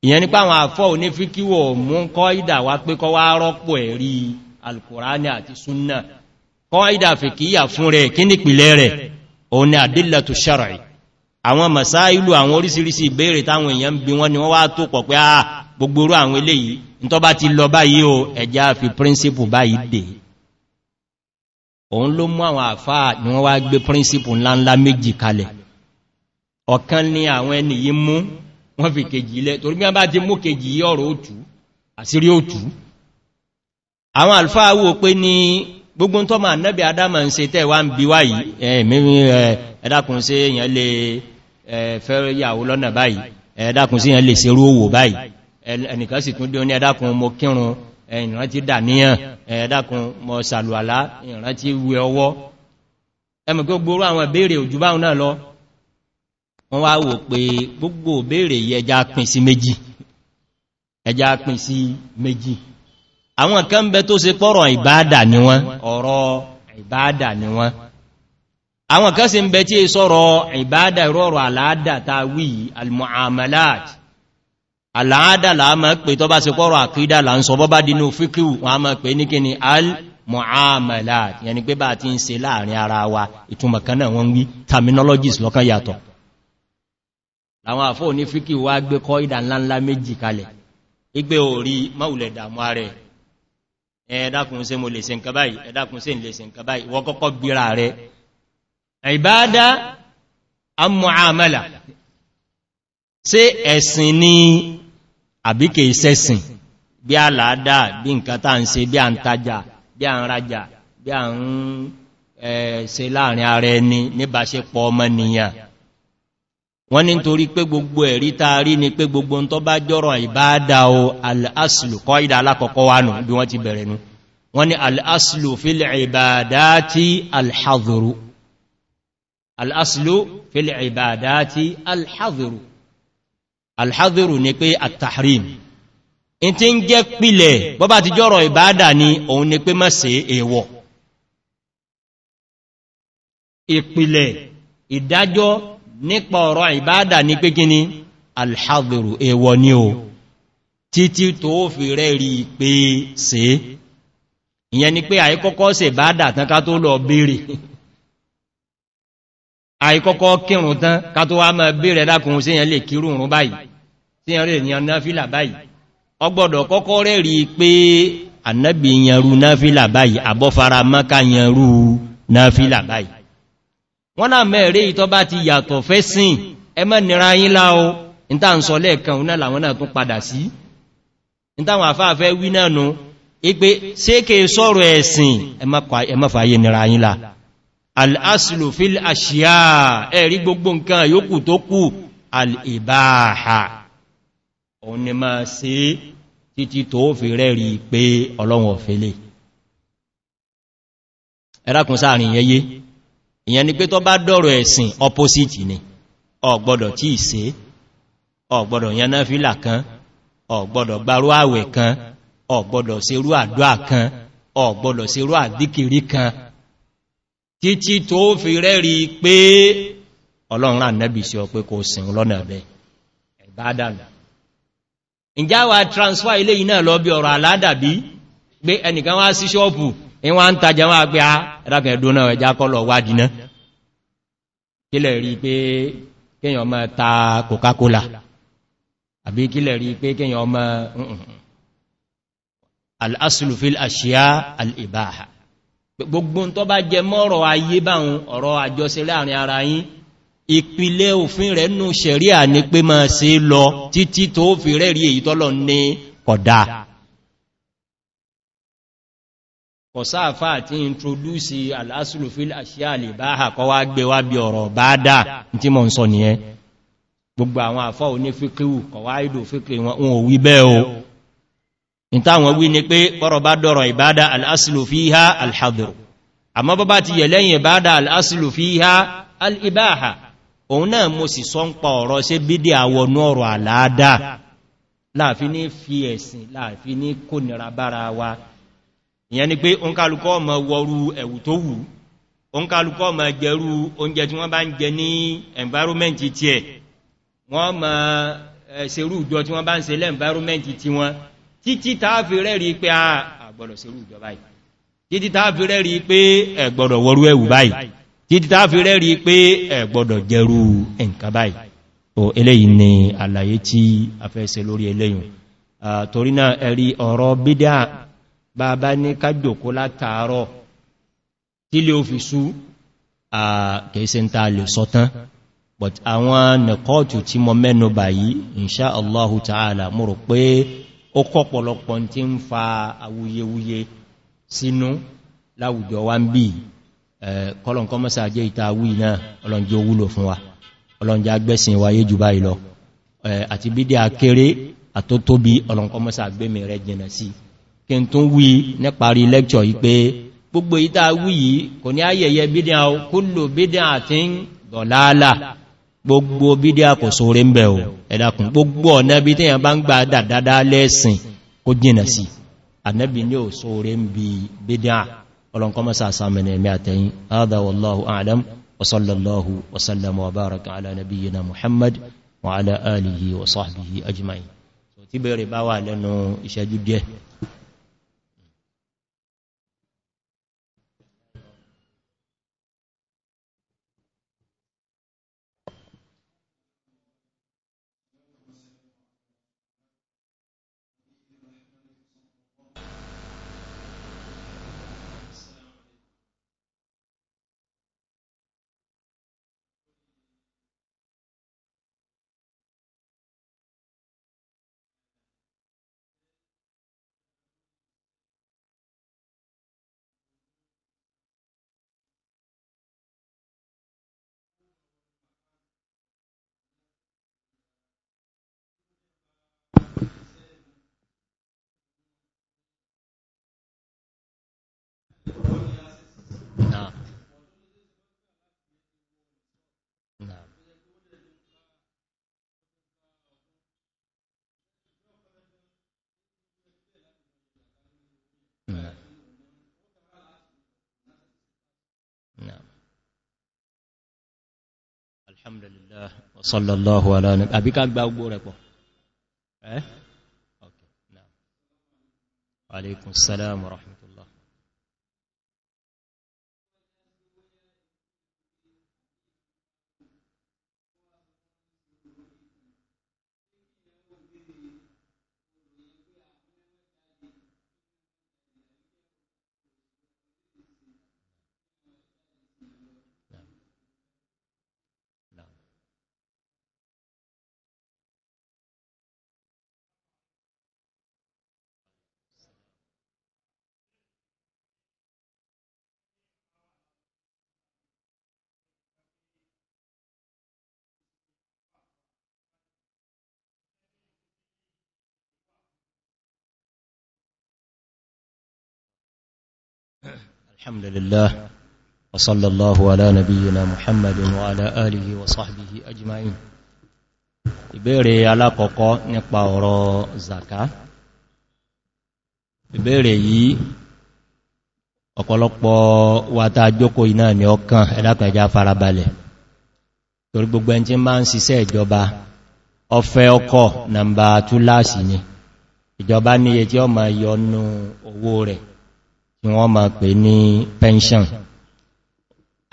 ìyẹn nípa àwọn àfọ́ òní fíkíwò mú kọ́ ìdà wá pé kọ́ wá rọ́pò ẹ̀rí alkùránì àti súnnà kọ́ ìdà fìkíyà fún rẹ̀ kí nípìnlẹ̀ rẹ̀ òun ni àdílẹ̀ tó ṣàràì àwọn masá ìlú àwọn orísìírísì ìbéèrè táwọn èèyàn ń bí wọ́n ni wọ́n wá tó pọ̀ pé àà ah, gbogboro àwọn eléyìí ní tọ́ bá ti lọ báyìí o ẹ̀já fi príncipù báyìí dè òun ló mú àwọn àfáà ni wọ́n wá gbé príncipù ńláńlá méjì kalẹ̀ ọ̀kan ni àwọn ẹni yìí mú wọ́n fi kejì ilẹ̀ torí bí wọ́n bá ti mú kejì ọ̀rọ̀ òtù àsírí òtù àwọn alfáà wò pé ní gbogbo tó ma nẹ́bí adama ń se tẹ́wà ń bí wáyìí ẹ̀mí ẹ̀dàkùn sí èyàn lè fẹ́ yàwó lọ́nà báyìí ẹ̀dàkùn sí èyàn lè serú owó báyìí ẹnìkan wọ́n wá wò pé gbogbo òbèèrè yí ẹja pín sí méjì ẹja pín sí méjì àwọn kan bẹ tó se pọ́rọ̀ ìbáadà ni wọ́n ọ̀rọ̀ ìbáadà ni wọ́n àwọn kan sì ń bẹ tí è sọ́rọ̀ ìbáadà ìrọ̀rọ̀ aláàdà ta wí almuamalat aláàdà láàmà pé tọ́ terminologies lọ́kan àwọn àfó ní fíkì wá gbé kọ́ ìdà ńláńlá méjì kalẹ̀ igbé orí máwùlẹ̀ dàmú ààrẹ ẹ̀ẹ́dàkùn sí mo lè se nǹkan báyìí ẹ̀ẹ́dàkùn sí lè se nǹkan báyìí wọ́n kọ́kọ́ gbíra rẹ̀ ìbádá amúhàmàlà sí ẹ̀sìn ní àbíkẹ̀ wọ́n ní torí pé gbogbo ẹ̀rí taari ni pé gbogbo ń tọ́ bá jọ́rọ̀ ìbáadà o al'aslu kọ́ ìdá alákọ̀ọ́kọ́ wà nù bí wọ́n ti bẹ̀rẹ̀ nù wọ́n ni al'aslu fil ìbáadà ti alhazuru ìdájọ́ nípa ọ̀rọ̀ ìbádà ní pé gíní alhadiru ewọ ní o títí tó fi rẹ̀ rí pé ṣe ìyẹn ni pé àíkọ́kọ́ se bádà tán ká tó lọ bèèrè àíkọ́kọ́ kírùn tán ká tó wá mọ́ bèèrè dákùnrin sí yẹn lè kírùn báyìí sí yẹn lè yẹn náfílà báyìí ọgbọ̀dọ̀ kọ́kọ́ rẹ̀ rí pé annabi yẹnrú náfílà báyìí àbọ́fara wọ́n náà mẹ́rẹ́ ìtọ́ bá ti yàtọ̀ fẹ́ sín ẹmọ́ nira yí láo níta ń sọ lẹ́ẹ̀kan náà làwọn náà tún padà sí nítàwọn àfáàfẹ́ wí náà nù ipé séèkè sọ́rọ̀ ẹ̀sìn ẹmọ́fàáyé nira yí la al'asìlò fil àṣíyà ẹ̀rí gbogbo nǹkan yóò tó kú al'ibáha ìyẹn ni pé tó bá dọ̀rọ̀ ẹ̀sìn opposite ni ọ̀gbọ́dọ̀ tí ì se ọ̀gbọ́dọ̀ yaná fílà kan ọ̀gbọ́dọ̀ gbárú àwẹ̀ kan ọ̀gbọ́dọ̀ serú àdúà kan ọ̀gbọ́dọ̀ serú àdíkìrí kan títí tó fi rẹ́rí pé ọlọ́run ànẹ́bì sí ọ transfer ilé yìí náà lọ bí ọ̀rọ̀ aládàbí gbé ẹnìkan wá ìwọ̀n ń tajà wọ́n àgbà ẹ̀dàkùn ẹ̀dùn náà ẹja kọlọ̀ wá dìná kílẹ̀ rí pé kíyàn ọmọ ta coca-cola àbí kílẹ̀ rí pé kíyàn ọmọ al'asulufil àṣíyá al'ibaha gbogbo tó bá jẹ mọ́rọ̀ ayé báhun ọ̀rọ̀ àjọsẹ láàrin ara yín ìpìlẹ̀ òfin rẹ̀ nù sẹ̀ríà ní pé máa se lọ títí tó fi rẹ̀ èyí tọ́lọ ní kọ̀dáa kọ̀sáàfà àti introduce al'asulu fil àṣíàlè bá àkọ́ wá gbé wá bí ọ̀rọ̀ bá dá tí mọ̀ ń sọ nìyẹn gbogbo àwọn àfọ́ òní fíkíwù kọ̀wá ìdò fíkí òun náà mo sì sọ ń pa ọ̀rọ̀ sí bídí àwọnú ọ̀rọ̀ àláádá láàfin ní fi ẹ̀sìn láàfin ní kò nira bára wa ìyẹn ni pé oúnkálukọ́ ọmọ wọrú ẹ̀wù tó wù oúnkálukọ́ ọmọ jẹrú oúnjẹ tí wọ́n bá ń jẹ ní environment ti ẹ̀ wọ́n mọ ṣerú ìjọ tí wọ́n bá ń se lẹ́ environment ti wọn títí tààfi rẹ̀ rí pé àgbọ̀dọ̀ ṣerú ìjọ báyìí títí tààfi rẹ̀ rí pé wọrú ẹ̀wù báyìí torí náà ẹ̀rí ọ̀rọ̀ bídá bàbá ní kájòkó látàárọ̀ tí lè ó fi sú àkẹsẹ̀ ń taa lè sọtán but àwọn nẹ̀kọ́ọ̀tù tí mọ mẹ́nu báyìí inṣá allahu ta'ala mú rò pé ó kọ́pọ̀lọpọ̀ tí ń fa awuyewuye sínú láwùjọ wá ń bí kọlọ̀nkọ́ mọ́sá jẹ́ ìta awú iná ọlọ́njẹ́ owúlò fún wa ọlọ́njẹ́ agbẹ́sìn wáyé jù báyìí lọ àti bídí akéré àtótóbi kí n tún wí níparí lẹ́kṣọ̀ yìí pé gbogbo ìta wí yìí kò ní ayẹyẹ bídíà kúlò bídíà tí ń dọ̀láàlà gbogbo bídíà kò sóre ń bẹ̀ o ẹ̀dàkùn gbogbo ọ̀nà bí tí bá ń gba dàdádá lẹ́ẹ̀sìn kó jìnà sí ànẹ́bì ní ò sóre ń bí bídíà alhamdulillah wa sallallahu ala nabi àbí ká gba gbogbo rẹ̀ pọ̀ ẹ́ ok now alaikum salam wa rahmatullahi الحمد لله وصلى الله على نبينا محمد وعلى آله وصحبه أجمعين ìbéèrè alákọ̀ọ́kọ́ nípa ọ̀rọ̀ zaka ìbéèrè yìí ọ̀pọ̀lọpọ̀ wata jókò iná ni ọkàn ẹ̀lákàjá farabalẹ̀ torí gbogbo ẹn tí máa ń siṣẹ́ ìjọba ọfẹ́ ọkọ̀ nàmbà túláàsì ni ìjọba níye tí ọ ma yọnu owó rẹ̀ ni wọ́n ma pè ní pension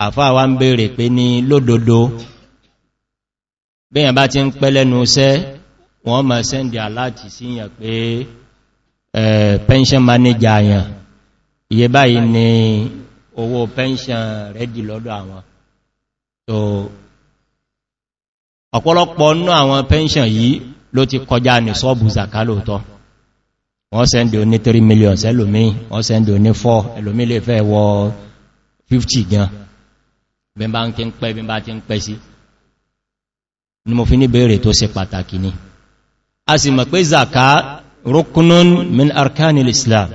àfá wa ń bèèrè pé ní lódodo bíyàn bá ti ń pẹ́ lẹ́nu iṣẹ́ wọ́n ma sẹ́ndì aláti síyàn pé pension manager àyàn iye báyìí ni owó pension rẹ̀ dì lọ́dọ̀ àwọn tó ọ̀pọ̀lọpọ̀ nú àwọn pension yìí ló ti kọjá ní sọ́ọ̀bù zakálòtọ́ wọ́n sẹ́ndì oní 3 million ẹlòmí wọ́n sẹ́ndì oní 4 ẹlòmí lè fẹ́ wọ 50 gan bí bá ń kí ń pẹ́ bí bá ti ń pẹ́ sí ni mo fi ní bèèrè tó se pàtàkì ni a sì mọ̀ pé zaka rukunun min arkanil islam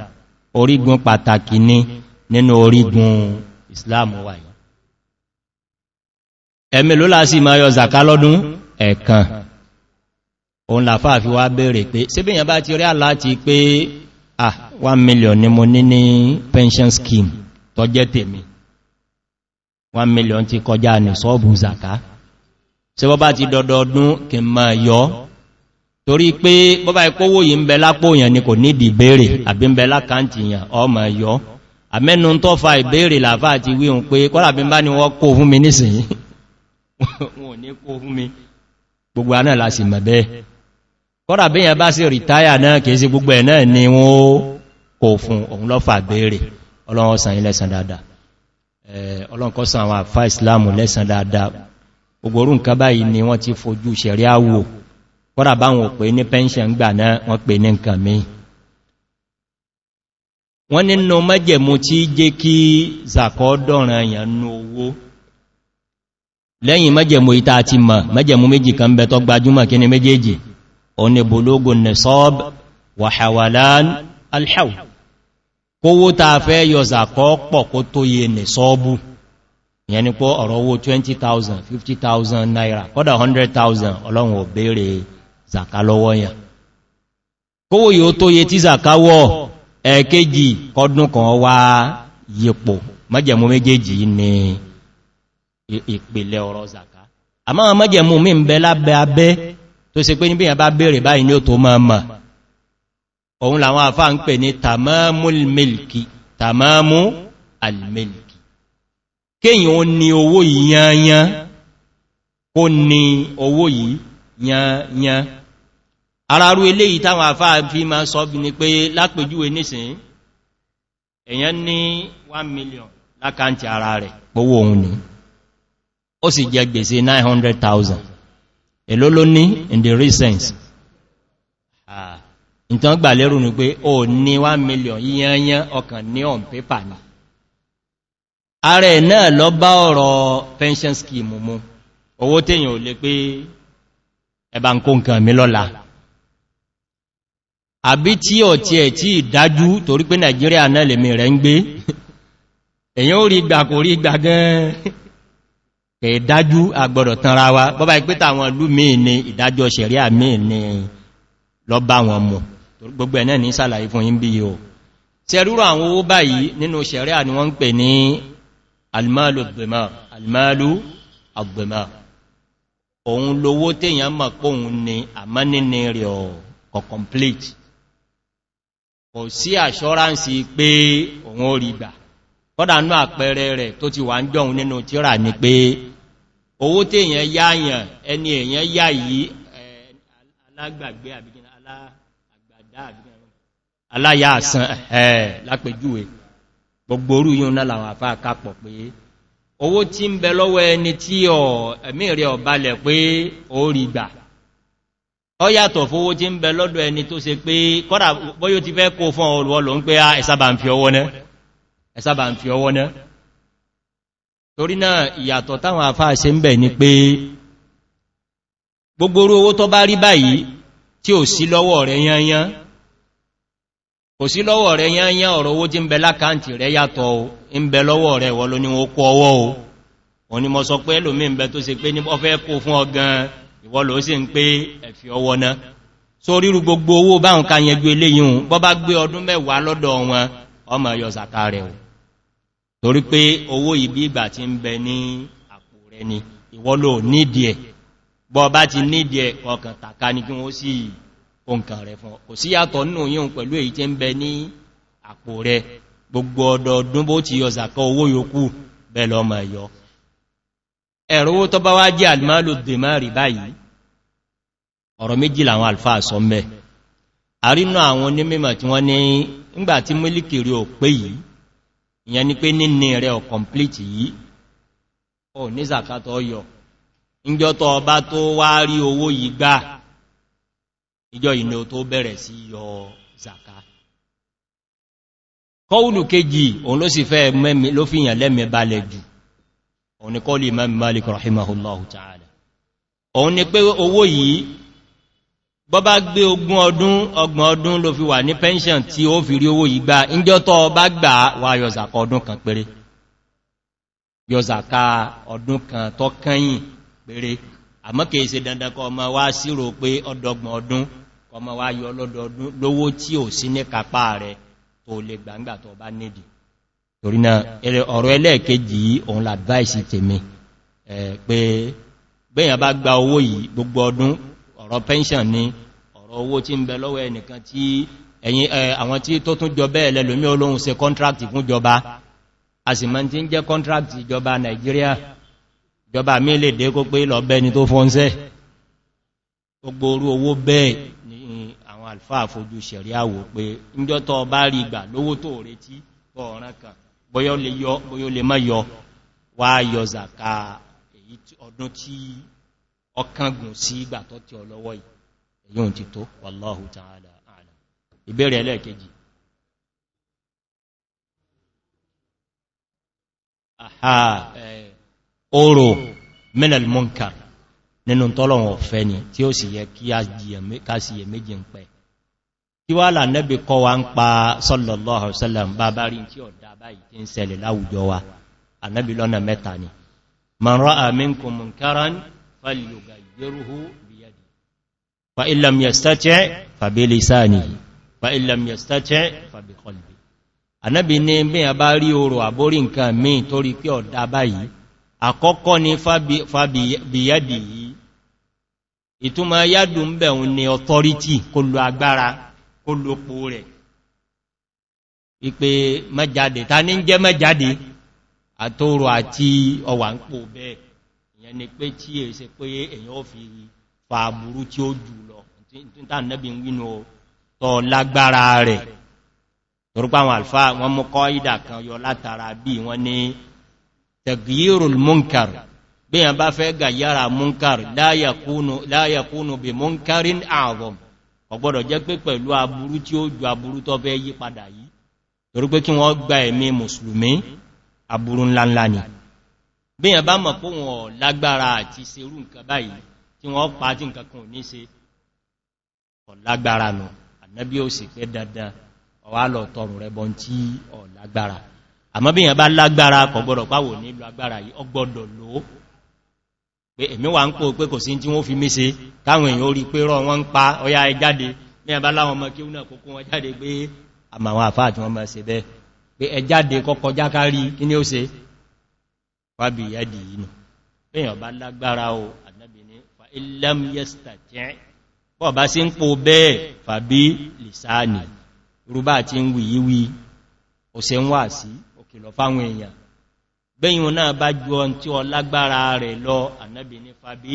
orígun pàtàkì ni nínú orígun islam wà yìí ẹ̀mẹ́ ló lásì máa yọ zaka lọ́dún ẹ̀kan òun làfáà fi wá bèèrè pé síbíyàn bá ti rí aláti pé ah 1 million ni mo ní ní pension scheme tó jẹ́ tèmi 1 million ti kọjá ní sọ́ọ̀bù zaka tí wọ́n bá ti dọdọọdún kì mọ yọ torí pé bọ́bá ìpówó yìí ń bẹ lápò yàn ni kò nídìí bèèrè àbí ń bẹ lákàntì yàn ọmọ yọ àmẹ́nu tó fa ìbèèrè làfáà ti wíhun pé kọ́lá bí bá ní wọ́n kó fún mi nísìnyí (laughs) wọn ò ní kó fún mi gbogbo anáà lásìmọ̀ bẹ́ẹ̀ kọ́dà bí yẹn bá sí rìtáyà náà kìí sí gbogbo ẹ̀ náà ni wọ́n kò fún òun lọ́fà béèrè ọlọ́run ọ̀sàn ilẹ̀sàn dáadáa eh, ọlọ́run kọ́sàn àwọn àfá ìsìláàmù lẹ́sàn dáadáa gbogbo nǹkan báyìí ni wọ́n ti fojú ṣẹ̀rí àwò kọ́dà báwọn ò pé ní pension gbà náà wọ́n pè ní nǹkan mi wọ́n nínú mẹ́jẹ̀mú tí jẹ́ kí zàkọ́ dọ̀ràn èèyàn nú oní bulogun nisob wàhàwàlán alhaw kówó ta fẹ́ yọzà kọ́ pọ̀ kó tó yẹ nisobu ìyẹn ni pọ́ ọ̀rọ̀ owó 20,000 50,000 naira koda 100,000 ọlọ́run ò bèèrè zaka lọ́wọ́ yà kówó yóò tó yẹ tí zaka wọ́ ẹ̀ẹ́kéjì kọdún kan wá yípo májẹ̀mú méjèèjì ní ìpìlẹ̀ ọ̀rọ̀ zaka àmá májẹ̀mú mi ń bẹ lábẹ́ abẹ́ tó se pé níbi ìyàn bá bèèrè báyìí ní ó tó máa mọ̀ òun làwọn àfá ń pè ní tamamul milki tamamu almilki kíyàn ó ní owó yanyan kó ní owó yìí yanyan araru eléyìí táwọn àfá fi máa sọ bí ni pé lápèjúwe nísìn èyàn ní 1 million lákàntì ara rẹ̀ owó òun ni ó sì jẹ gbèsè 900,000 èló ló ní in the real sense nǹkan ah, gbà lérù ní pé o ní 1 million yíyanyan ọkàn ní on paper ni ààrẹ náà lọ bá ọ̀rọ̀ pension scheme mú owó tèyàn ò lè pé ẹba ń kó nǹkan mi lọ́la àbí tí ọ̀tí ẹ̀ tí ìdájú torí pé nàìjíríà náà lèmi rẹ̀ ń gbé èyàn ó rí gbà kò rí gbà gan-an ìdájú agbọ̀dọ̀ tanra wa bọ́bá ìpítà àwọn ìlú míì ni ìdájọ́ sẹ̀ríà míì ni lọ bá wọn mọ̀ gbogbo ẹ̀ náà ní sàlàyé fún yín bí yíò tẹ́rúrú àwọn owó báyìí nínú sẹ̀ríà ni wọ́n ń pè ní almalu agbèmà òun lówó téèyàn mọ̀ póhun ni àmọ́ nínú rẹ̀ ọ̀ complete kò sí assurance kọ́dánú àpẹẹrẹ rẹ̀ tó ti wà ń jọun nínú tíra ní pé owó tí èyàn yáyàn ẹni èyàn yá yìí alágbàgbé aláyà àsán ẹ̀ lápẹjúwe gbogbo orú yíò náà làwọn àfá àkápọ̀ pé owó tí ń bẹ lọ́wọ́ ẹni tí ẹ̀mí rẹ̀ ọ̀balẹ̀ pé ó rí gbà ọ yàtọ̀ fówó tí ń bẹ lọ́dọ̀ ẹni tó se pé kọ́dà bóyó ti fẹ́ kó fún ọlọ́lọ́ ń pé ah, ẹ̀sábà ń fi ọwọ́ náà ẹ̀sábà ń fi ọwọ́ náà torí náà ìyàtọ̀ táwọn àfáà se ń bẹ̀ ni pé gbogbo owó tó bá rí báyìí tí ò sí lọ́wọ́ rẹ̀ yányán kò sí lọ́wọ́ rẹ̀ yányán ọ̀rọ̀ owó tí ń bẹ lákàntì rẹ̀ yàtọ̀ ń bẹ lọ́wọ́ rẹ̀ wọ́n ló ní wọ́n kó ọwọ́ o wọ́n ni mọ́ sọ pé lómi ń bẹ tó se pé ní ọfẹ́ kó fún ọgan ìwọ́ ló sì ń pé ẹ̀fì ọwọ́ náà so ríru gbogbo owó báhùn ka yẹn gbé eléyìn bọ́ bá gbé ọdún mẹ́wàá lọ́dọ̀ wọn ọmọ yọ zàkà o torí pé owó ìbí ìgbà tí ń bẹ ní àpò rẹ ni ìwọ́lò nídìí ẹ̀ bọ́ bá ti nídìí ẹ̀ ọkàn tàkà ní kí wọ́n sí òǹkàn rẹ̀ fún kò sí yàtọ̀ nínú yíò pẹ̀lú èyí tí ń bẹ ní àpò rẹ gbogbo ọdọọdún bó ti yọ zàkọ owó yòókù bẹ́ẹ̀ lọ ẹ̀yọ ìyẹn ni pé nínú rẹ̀ ọ̀ complete yìí ò ní zakatọ̀ ọyọ̀ ìjọtọ̀ ọba tó wá rí owó yìí gbà ìjọ ìnà tó bẹ̀rẹ̀ sí yọ zaka kọ́ùlù kejì òun ló sì fẹ́ mẹ́mí ló fíyàn lẹ́mẹ́ ta'ala òun ni pé bọ́ bá gbé ogún ọdún ọgbọ̀n ọdún ló fi wà ní pension tí ó fi rí owó ìgbà ìjọtọ̀ bá gbà wà yọzàkà ọdún kan péré yọzàkà ọdún kan tọ́ kẹ́yìn péré àmọ́ kìí se dandan kọ ọmọ wá sírò pé ọdọgbọ̀n ọdún ọmọ wá yọ ọdún ọ̀rọ̀ pension ni ọ̀rọ̀ owó tí ń bẹ lọ́wọ́ ẹnìkan tí ẹ̀yìn àwọn tí tó tún jọ bẹ́ẹ̀ lẹ́lòmí olóhun se contract fún jọba a sì mọ́ tí ń jẹ́ contract ìjọba nigeria jọba mi lè dé kó pé lọ bẹ́ni tó fọ́nṣẹ́ ni àwọn alfáà fojú sẹ̀ríàwò pé níjọ́tọ̀ bá rí ìgbà lówó tó retí ọ̀ràn kan bóyọ́ lè mọ́ ọdún tí ọkàngùn sí ìgbà tó tí ọlọ́wọ́ yìí èyí ti tó wàláhù tààdà ààlà ìbẹ̀rẹ̀ ẹlẹ́ẹ̀kejì àhà ọrọ̀ mẹ́lẹ̀ mọ́nkà nínú tọ́lọ̀wọ̀n ọ̀fẹ́ ni tí ó sì yẹ kí a sì yẹ méjì ń pẹ kí wá là nẹ́bí kọ́ فليغيره بيده فإن لم يستطع فبلسانه فإن لم يستطع فبقلبه Ànábì ní bí a bá rí oòrùn àbórí nǹkan míì torí pé ọ̀dá báyìí, àkọ́kọ́ ni fàbíyàdì yìí, ìtumọ̀ yádù ń bẹ̀rún ni authority kó lo agbára kó lo po rẹ̀. Ìpe mẹ́jáde, ta ní jẹ́ mẹ́jáde, àtòrò àti ọwà ń pò bẹ́ẹ̀ ìyẹn ni pé tí è ṣe pé èyàn ó fi fa burú tí ó jù lọ tí tàn nẹ́bí wínú tọ lágbára rẹ̀ torúpá àwọn alfa wọn mú kọ́ ìdà kan yọ látara bí wọ́n ní tagirul munkar bí yàn bá fẹ́ gàyára munkar láyàkúnù bí munkarin ààbọ̀m ọgbọ́dọ̀ jẹ́ pé pẹ̀lú aburú tí ó ju aburú tó fẹ́ yí padà yìí torí kí wọ́n gba ẹ̀mí mùsùlùmí aburú ńláńlá ni bíyàn bá mọ̀ pó wọn lágbára àti serú nǹkan báyìí tí wọ́n pa tí nǹkan kan ní ṣe ọ̀lágbára nù ànábí ó sì pé dandan ọwá lọ tọrùn rẹ̀ bọ́n tí ọ̀lágbára àmọ́ bíyàn bá lágbára kọ̀ gbọ́dọ̀ páwò nílò agbára yìí ọgbọ́dọ̀ lò ó pé èmi wà ń pò pé kò sí tí wọ́n fi mí se káwọn èèyàn orí pé rọ wọ́n ń pa ọya ẹjáde ní ẹbá láwọn ọmọ kí ó kókó wọn jáde pé àmàwọn àfáà tí wọ́n mọ̀ sí bẹ́ẹ̀ pé ẹjáde kọ́kọ́ jákárí kí ni ó se fábí yàdì yìí èyàn bá lágbára o àdábì ní fa ilam yẹ́sítà jẹ́ pọ̀ bá sí ń pò bẹ́ẹ̀ fàbí lìsáàni rúbá àti ń wì yíwí ọ̀sẹ̀ ń wà sí òkèlọ fáwọn èèyàn gbẹ́yìn náà bá ju ọ tí ọ lágbára rẹ̀ lọ àdábì ní fàbí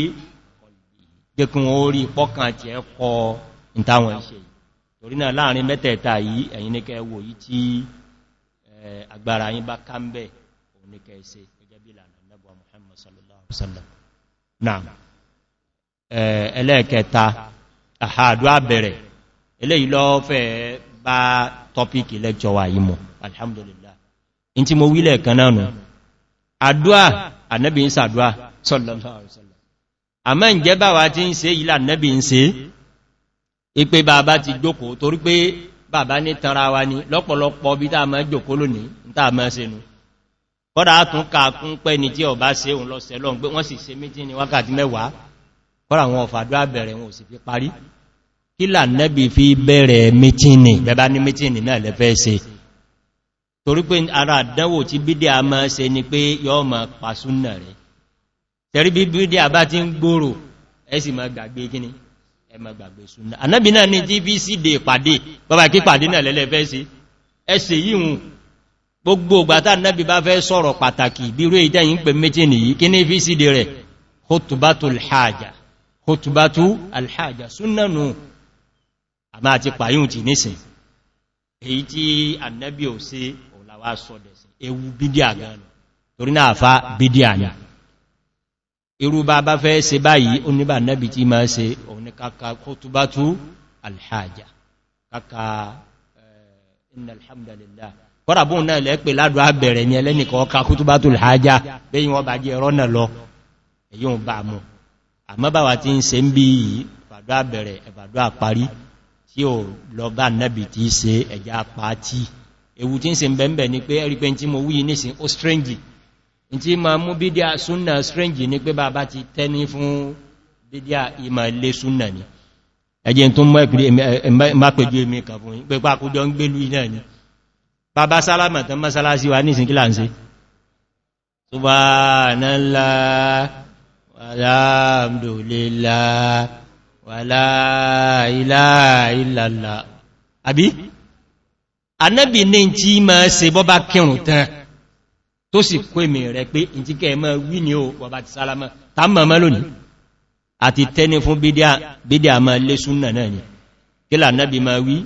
jẹ́kùn orí pọ́kàn àti ẹ̀kọ́ ìtawọn ìṣẹ̀ torí náà láàrin mẹ́tẹ̀ẹ̀ta yìí ẹ̀yìn ní kẹ́ wò yí tí agbára yín bá ká òun ní kẹ́ ṣe wasallam naam eh, ẹlẹ́ẹ̀kẹta àhàdù àbẹ̀rẹ̀ eléyìí lọ fẹ́ bá tọ́píkì lẹ́kṣọ́ wà yìí mọ̀ alhamdulillah in ti mo wílẹ̀ kan náà nù àdúà ànẹ́bì ń sàdúà àmọ́ ìjẹ́ bá wa ti ń se ìlà ànẹ́bì ń se ipé bàbá ti jókòó torí pé bàbá ní tanra wa ni lọ́pọ̀lọpọ̀ bí táà mọ́ jókòó lónìí táà mọ́ sínú kọ́dá tún kàkún pẹ́ ní tí ọba se òun lọ́sẹ̀ lọ́n gbé wọ́n sì se méjì ní wákàtí mẹ́wàá kọ́dá wọn ọ̀fàdó àbẹ̀rẹ̀ wọn ò sì fi parí kílà nẹ́bì fi bẹ̀rẹ̀ mítíìnì bẹ̀bá ní mítíìnì náà lẹ́fẹ́ se torí pé ara àdánwò tí bídí a máa se ni pé yọ́ ma pàṣúnà rẹ̀ tẹ̀rí bí gbogbo ògbàtà nẹ́bí bá fẹ́ sọ̀rọ̀ pàtàkì bí rú ìjẹ́ yìí ń pè méjì nìyí kí ní fi síde rẹ̀ hótùbátù alhájà hótùbátù alhájà súnnànù àmá àti pàyún ti nísìn èyí tí ànẹ́bí ò sí òlàwà sọ̀dẹ̀ inna alhamdulillah kọ́dà bóun náà lẹ́pẹ̀ ládùá bẹ̀rẹ̀ ní ẹlẹ́nìkan ọka kútúbá tó làájá bẹ́yìn wọ́n bá jẹ́ ẹ̀rọ náà lọ èyí ń bá mú àmọ́ báwa ti ń se ń bí yìí fàdúà bẹ̀rẹ̀ ẹ̀fàdúà parí tí ò lọ bá nẹ́bì tí se ẹ̀já ni pé strange in tí ma mú bídíà strange ni pé bàbá ti tẹ́ni fún bídíà ìmọ̀ ilé súnà ni ẹjẹ́ tó mọ́ ẹ̀pẹ̀lú èmi kan fún pé pàkójọ ń gbélú bàbá sálámà tán mọ́sálásí wa ní ìsìnkí láǹsí tó bá nálá aláàmdòlélá wàlá ìlàìlàlà àbí anábì ní tí ma ṣe bọ́bá kírùn tán tó sì kó èmì rẹ̀ pé ìjíkẹ́ mọ́ wí ní o bọ̀bá ti sálámà tá mọ̀ mọ́ lónìí àti tẹ́ni fún bídíà mọ́ lé súnnà náà ni kí lànábì ma wí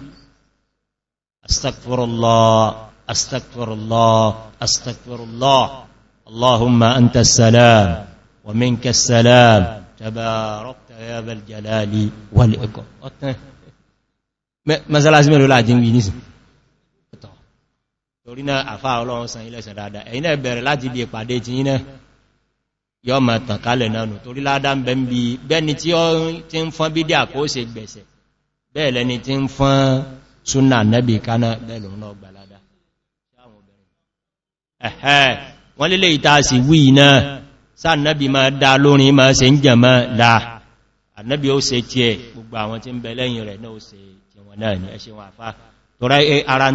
astagfirullah astagfirullah astagfirullah allahumma anta salam wa minka salam tabarakta ya bal jalali wal ikram otan masalasi melo la jin bi nisin to torí náà afa Ọlọ́run san ile san dáadáa ẹ̀yin náà bẹ̀rẹ̀ láti bi ìpàdé ti yin náà yọ ma tàn kálẹ̀ nánu torí ládá ń bẹ ń bí bẹ́ni tí ó ti ń fán bídí àkóóse gbẹ̀sẹ̀ bẹ́ẹ̀ lẹni tí ń fán súnà nẹ́bì kaná bẹ́ẹ̀lù náà gbàládá ẹ̀hẹ́ wọ́n lélẹ̀ ìtaàsì wí iná sáà nẹ́bì máa dá lórin máa se ń jẹ̀mọ́ láà ànẹ́bì ó se tí ẹ gbogbo àwọn tí ń bẹ lẹ́yìn rẹ̀ náà ó se tí wọn náà ní ẹṣẹ́ wọn àfá tọ́rọ ara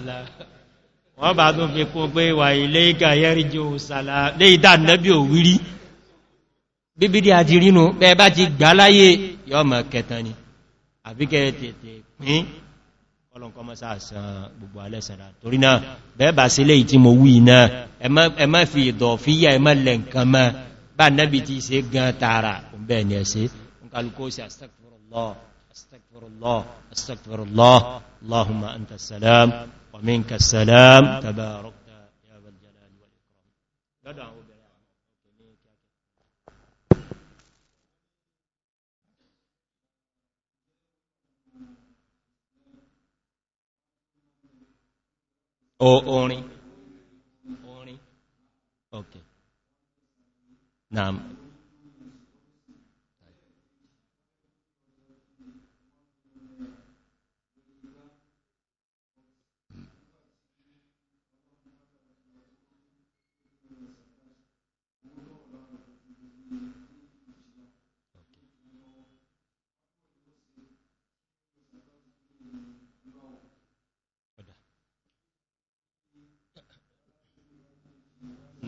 ń ta wọ́n bá tún fi kún pé wà ilé ìkà yẹ́rìjì òsàlá lé ìdá nẹ́bí òwírí bíbídí àti rínú bẹ́ẹ̀ bá ti gbà láyé yọ́mọ̀ kẹta ni àbíkẹ́ tètè pín ọlọ́nkọmọ́sá àsán gbogbo alẹ́sànà torí náà bẹ́ẹ̀ bá sí lè tí mo wú iná ẹmọ́ fi ìdọ̀ ومنك السلام تبارك يا ذا الجلال والإكرام ندعو أو أوني أوني أوكي نعم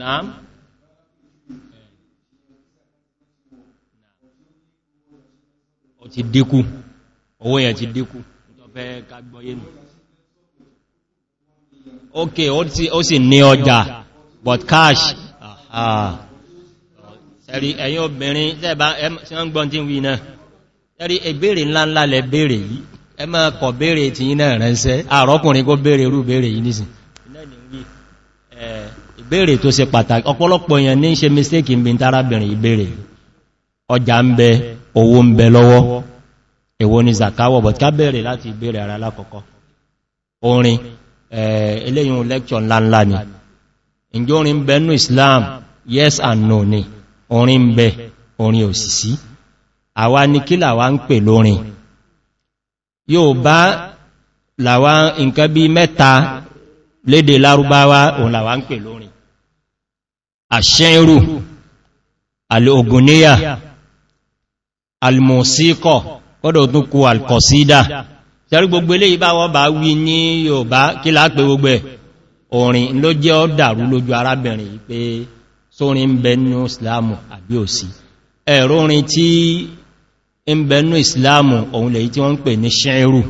náà ó ti díkù owó yẹn ti díkù ìtọ́fẹ́ kagbọ́yé nù ok ó sì ní ọjà but cash ṣẹ̀rí ẹ̀yìn obìnrin tẹ́bá tí wọ́n gbọ́n tí ń wí náà ṣẹ̀rí ìbéèrè ńláńlá lẹ béèrè yìí ẹ máa kọ̀ béèrè tí yí náà rẹ̀ ń sẹ́ àrọ́kùnrin kó béèrè irú béèrè yìí nísìn ìbéèrè tó ṣe pàtàkì ọ̀pọ̀lọpọ̀ èèyàn ní ṣe mistake ń bí n tárábìnrin ìbéèrè ọjà ń bẹ owó ń bẹ lọ́wọ́ èwo ni zakawọ̀ but ká bẹ̀rẹ̀ láti ìbéèrè ara lákọ̀ọ́kọ́ orin eh, eléyìn lecture ńláńlá ni ǹjẹ́ orin ń bẹ nú islam yes and no ni orin ń bẹ orin òsìsí àwa ni kí làwa ń pè lórin yóò bá làwa nǹkan bí lédè lárúbáwá òun làwa ń pè lórin àṣẹ́rù al'oguníyà al'mọ̀síkọ̀ kọ́dọ̀ tún kú alkọ̀sídà ṣarí gbogbo ilé ibá wọ́n bá wí ní yóòbá kí láàpẹ gbogbo ẹ̀ orin ló jẹ́ ọ́ dàrú lójú arábìnrin pé sórin bẹnu islamu àbí òsì ẹ̀rọ orin tí ń bẹnu islamu òun lèyí tí wọ́n ń pè ní ṣẹ́rù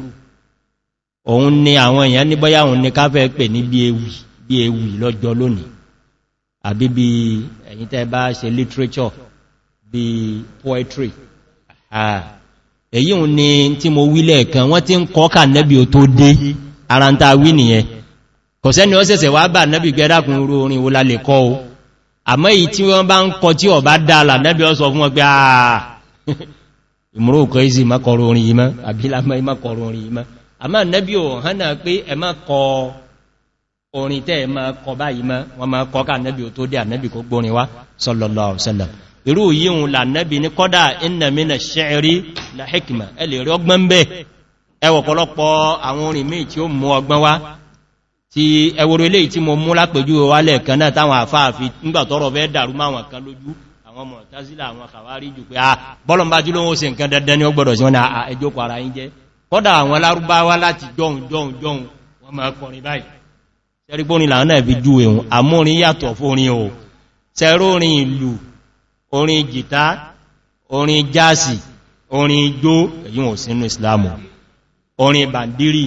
òun ni àwọn èèyàn ní bọ́yá òun ni káfẹ́ pè ní bí ewì lọ́jọ́ lónìí àbí bí ẹ̀yìn tẹ́ bá ṣe literature bí poetry èyí òun ni tí mo wílẹ̀ kan wọ́n ti ń kọ́kà nẹ́bí o tó dé ara ń ta wí nìyẹn kò sẹ́ni ó sẹ̀sẹ̀ wá bà nẹ́bí gẹ́dàkùn orú orin wo lálẹ̀ kọ́ o àmọ́ èyí tí wọ́n bá ń kọ tí ọ̀bá dáàlà nẹ́bí ọ sọ fún wọn orin tẹ́ ma kọ báyìí mọ́ wọn ma kọ́ ká nẹ́bì tó dé ànẹ́bì kó gbórin wá sallallahu alaihi wasallam irú yíhun lànẹ́bì ní kọ́dà inna mina shi'ri la hikma ẹ lè rí ọgbọ́n bẹ́ ẹwọ̀ pọ̀lọpọ̀ àwọn orin míì tí ó mú ọgbọ́n wá ti ẹwòrò ilé tí mo mú lápẹjú wá lẹ́ẹ̀kan náà táwọn àfáàfi nígbà tọ́rọ fẹ́ dàrú máwọn kan lójú àwọn ọmọ tásílà àwọn kàwárí jù pé ah bọ́lọ̀mbá jú lóhun ṣe nǹkan dandan ni ó gbọ́dọ̀ sí wọn náà ẹjọ́kọ̀ ara yín kọ́dà àwọn lárúbáwá láti jọun jọun jọun wọ́n máa kọrin báyìí tẹ́rígbórin làwọn náà fi jú ẹ̀hùn àmúrin yàtọ̀ fórin o tẹ́rórin ìlú orin jìta orin jáàsì orin igbó èyíwọ̀n sí inú islamu orin bandiri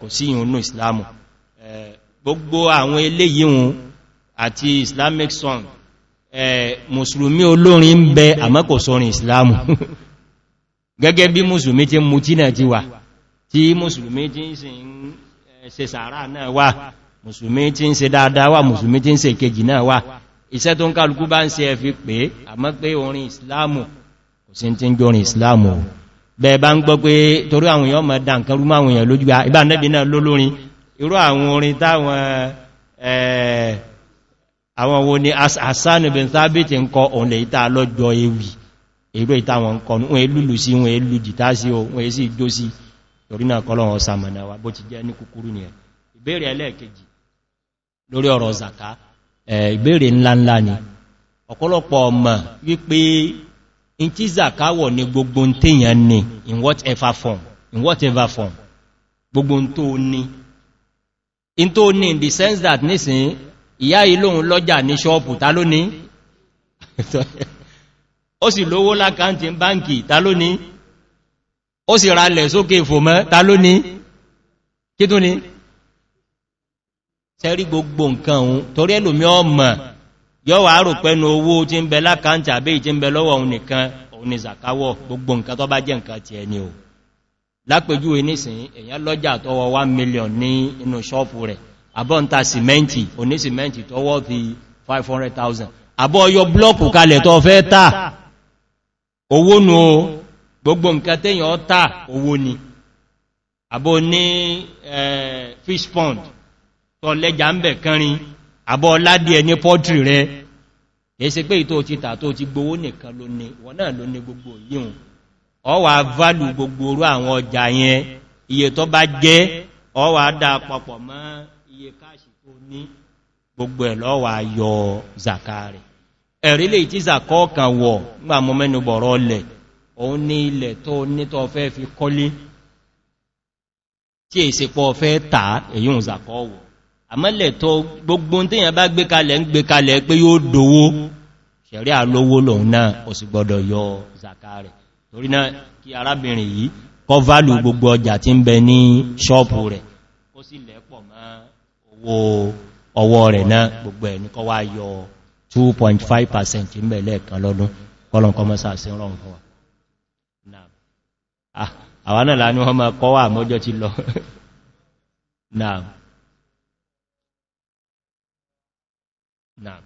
kò sí inú islamu gbogbo àwọn eléyìnwọ̀n àti islamic song musulmi olórin ń bẹ àmọ́kò sọrin islamu (laughs) gẹ́gẹ́ bí musulmi ti mú tí náà ti wà tí musulmi ti ń sin ṣe náà wà musulmi tí ń se dáadáa wà musulmi tí ń se kejì náà wà iṣẹ́ tó ń kálukú bá ń se ẹ̀fí pé àmọ́ pé orin islamu kò sí tí ń jọ orin islamu bẹ́ẹ̀ bá ń gbọ́ pé torí àwọn èèyàn mọ̀ dá nǹkan rúmọ́ àwọn èèyàn lójú ibá nẹ́bí náà lólórin irú àwọn orin táwọn àwọn wo ni hassan bin thabit ń kọ òun lè ta lọ́jọ́ ewì èrò ìtàwọn nǹkan wọn èlúlù sí wọn èlú jìtá sí wọn èsì ìjó sí torí náà kọ́lọ́wọ́ sàmọ̀nà wa bó ti jẹ́ ní kúkúrú ni ẹ̀ ìbéèrè ẹlẹ́ẹ̀kejì lórí ọ̀rọ̀ zaka ìbéèrè ńláńlá ni ọ̀pọ̀lọpọ̀ ọmọ wípé in tí zaka wọ̀ ní gbogbo tíyàn ni in whatever form in whatever form gbogbo tó ní in tó ní in the sense that nísìn ìyá ilóhun lọ́jà ní ṣọ́ọ̀pù ta ló ní ó sì lówó lákàntí báńkì ta ló ní ó sì ralẹ̀ sókè fòmọ́ ta ló ní kí tó ní tẹ́rí gbogbo nǹkan òun torí ẹlòmí ọmọ yọ́ wà rò pẹ́nu owó tí ń bẹ lákàntì àbí tí ń bẹ lọ́wọ́ òun nìkan òun ni zakawọ̀ gbogbo nǹkan tó bá jẹ́ nǹkan ti ẹni o lápẹjúwe nísìn èyàn lọ́jà tọwọ́ 1 million ní inú ṣọ́ọ̀pù rẹ̀ abọ́nta simenti oní simenti tọwọ́ ti 500,000 abọ́ ọyọ blọ́ọ̀kù kalẹ̀ tó fẹ́ tà owó nù o gbogbo nǹkan tẹ́yàn ọ́ owó ni abọ́ ní eh, fish pond tọ́lẹ́jà ń bẹ̀ kẹrin àbọ́ ládìẹ ní pọ́tìrì rẹ èsì pé ìtò títà tó ti gbówó nìkan ló ní wọ́n náà ló ní gbogbo yíò ọwà válù gbogbo orú àwọn ọjà yẹn iye tó bá jẹ́ ọwà dá papọ̀ mọ́ iye káàṣì tó ní gbogbo ẹ̀ lọ́wà yọ zàká rẹ̀ ẹ̀rí lè tí zàkọ́ kan wọ̀ nígbà mọ́ mẹ́nu bọ̀rọ̀ lẹ̀ òun ní ilẹ̀ tó nítọ́ fẹ́ fi kọ́lé tí èsì fẹ́ tà èyí ń zàkọ́ wọ̀ àmọ́lẹ̀ tó gbogbo tíyàn bá gbé kalẹ̀ ń gbé kalẹ̀ pé yóò dòwó ṣẹ̀rí àlówó lòun náà ó sì gbọdọ̀ yọ zaka rẹ̀ torí náà kí arábìnrin yìí kọ válù gbogbo ọjà tí ń bẹ ní ṣọ́ọ̀pù rẹ̀ ó sì lẹ́pọ̀ mọ́ owó ọwọ́ rẹ̀ náà gbogbo ẹ̀ ní wá yọ 2.5% ń bẹ̀ lẹ́ẹ̀kan lọ́dún kọ́lọ̀kọ́ sí rọrùn wa ah, àwọn náà lá (laughs) نعم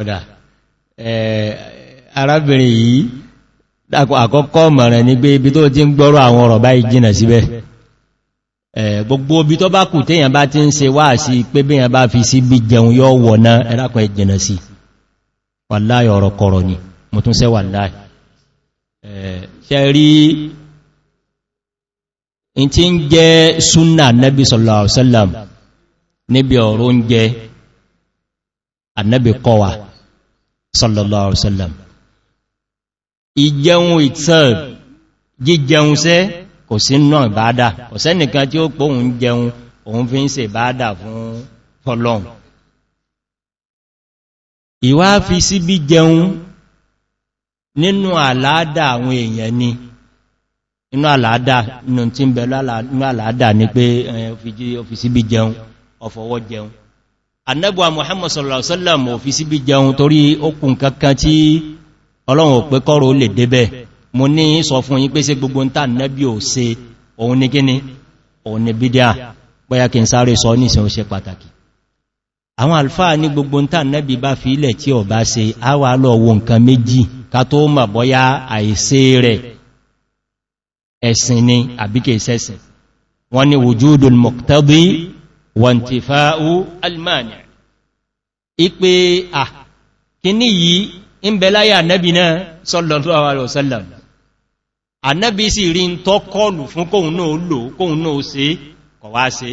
ọ̀dà arábìnrin yìí àkọ́kọ́ mọ̀rẹ̀ ní gbé ibi tó ti ń gbọ́rọ̀ àwọn ọ̀rọ̀ báyìí jìnà síbẹ̀ gbogbo ibi tó bá kù téyàn bá ti ń se wá sí pé béyàn bá fi sí bí jẹun yọ wọ̀ná ẹ̀rákùn ẹ̀jìnà sí wàláyọ̀ wàláyì ọ̀rọ̀ oúnjẹ ànẹ́bí kọwà ìjẹun itself jíjẹun sẹ́ kò sí náà báadà kò sẹ́nìkan tí ó pọ̀ òun jẹun òun fi ń se báadà fún fọ́lọ́n ìwá fi síbí jẹun nínú àláàdà àwọn èèyàn ni inú àláàdà inú tí ń bẹ inú àláàdà ni pé ọfi síbí jẹun ọfọwọ́ jẹun annabuwa muhammadu sallallahu alaihi wasallam ọfi síbí jẹun torí okùn kankan tí ọlọ́run ò pé kọ́rọ̀ ó lè débẹ̀ mo ní sọ fún yí pé sí gbogbo ń tà nẹ́bí ò se òun ní gíní òun ní bídíà pẹ́yà kí n sáré sọ ní ìsìn ó se pàtàkì àwọn alfáà ní gbogbo ń tà nẹ́bí bá fi ilẹ̀ tí ọba se á wà lọ wo nǹkan méjì ká tó mọ̀ bọ́yá àìsé rẹ̀ ẹ̀sìn ni àbíkẹ̀ ìsẹ́sìn wọ́n ni wùjúdùn mọ̀tẹ́bí wọ́n ti fáú almania ipe à kíní yìí ń bẹ láyé ànẹ́bì náà sọ́lọ̀tọ́ àwọn àrẹ̀ òsẹ́lẹ̀ ànẹ́bì sì rí ń tọ́ kọlù fún kóhun náà lò kóhun náà se kọ̀ se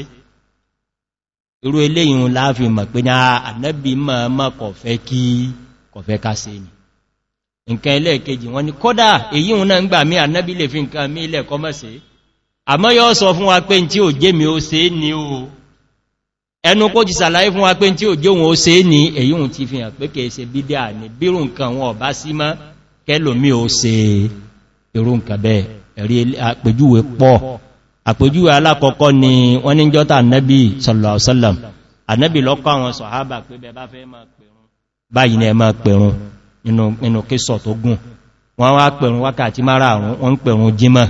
irú eléyìn láàfin mọ̀ pé ní ah, ànẹ́bì mọ́ kọ̀fẹ́ kí kọ̀fẹ́ ká se ni nǹkan ẹlẹ́ẹ̀kejì wọn ni kọ́dà èyí hun náà ń gbà mí ànẹ́bì lè fi nǹkan mí ilẹ̀ ẹnu kó ti sàlàyé fún wa pé tí ò jẹ́ òun ó se ní èyí òun ti fi hàn pé kèé se bídé à ní bírù nǹkan wọn ọ̀bá sí mọ́ kẹlòmí ó se irú nǹkan bẹ́ẹ̀ ẹ̀rí àpèjúwe pọ̀ àpèjúwe alákọ̀ọ́kọ́ ni wọ́n ní jọ́ta annabi sallallahu annabi lọ́kọ́ àwọn sọ̀hábà pé bẹ bá fẹ́ máa pẹ̀rún báyìí ni ẹ máa pẹ̀rún nínú kíso tó mara àrùn wọ́n pẹ̀rún jímọ̀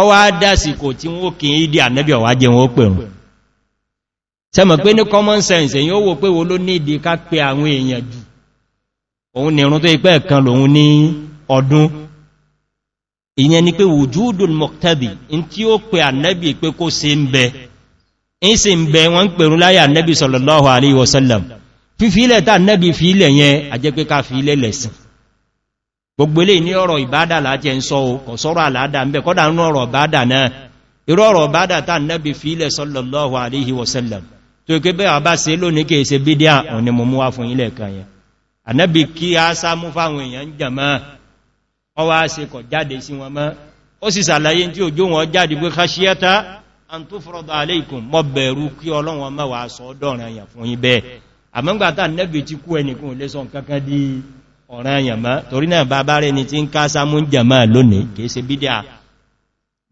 ọwá dásìkò tí wọ́n kìí tẹ́mọ̀ pé ní common sense èyí ó wò pé wo ló nídi ká pé àwọn èèyàn jù òun ni ìrún tó ipẹ́ kan lòun ní ọdún ìyẹn ni pé wùjúdùn mọ̀tẹ́bì in tí ó pè ànẹ́bì pé kó se ń bẹ in sì ń bẹ wọ́n ń pèrún láyé ànẹ́bì sọ̀lọ̀lọ́hù aléwọ̀sọ́lọ̀m fífílẹ̀ tá ànẹ́bì fílẹ̀ yẹn àjẹ́pé ká fílẹ̀ lẹ̀sìn gbogbo lè ní ọ̀rọ̀ ìbádà tó ìké bẹ́ àbá se lónìí kìí se bídíà òní mọ̀ múwá fún ilẹ̀ kan yẹn ànábì kí a sá mú fáwọn èèyàn jàmá wọ́n wá se kọ̀ jáde sí wọn mọ́ ó sì sàlàyé tí òjò wọn jáde pé káṣíẹ́ta an tó fọ́rọ̀dọ̀ aléìkùn mọ́ bẹ̀rù kí ọlọ́wọ́n mọ́ wà di ọ̀rọ̀ èèyàn mọ́ torí náà ni ti ń ká sámú jàmá lónìí kìí se bídíà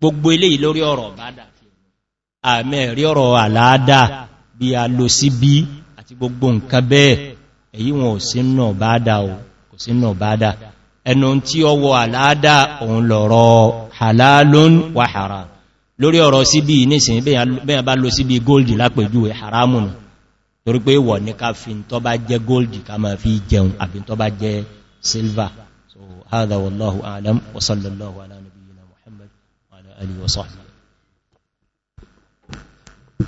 gbogbo eléyìí lórí ọ̀rọ̀ bí a lò sí bí àti gbogbo nǹkan bẹ́ẹ̀ èyí wọn ò sí náà bá dá o kò sí náà bá dá ẹnu tí ó wọ àláádá òun lọ̀rọ̀ halalun wa haram lórí ọ̀rọ̀ sí bí nísìnyí bẹ́yàn bá lò sí bí gold lápẹjú haramu nù torí pé wọ̀ ní ká fi tọ́ bá jẹ́ gold ká máa fi jẹun àbí tọ́ bá jẹ́ silver so hádà wallahu alam wasallallahu ala nabiyyina muhammad wa ala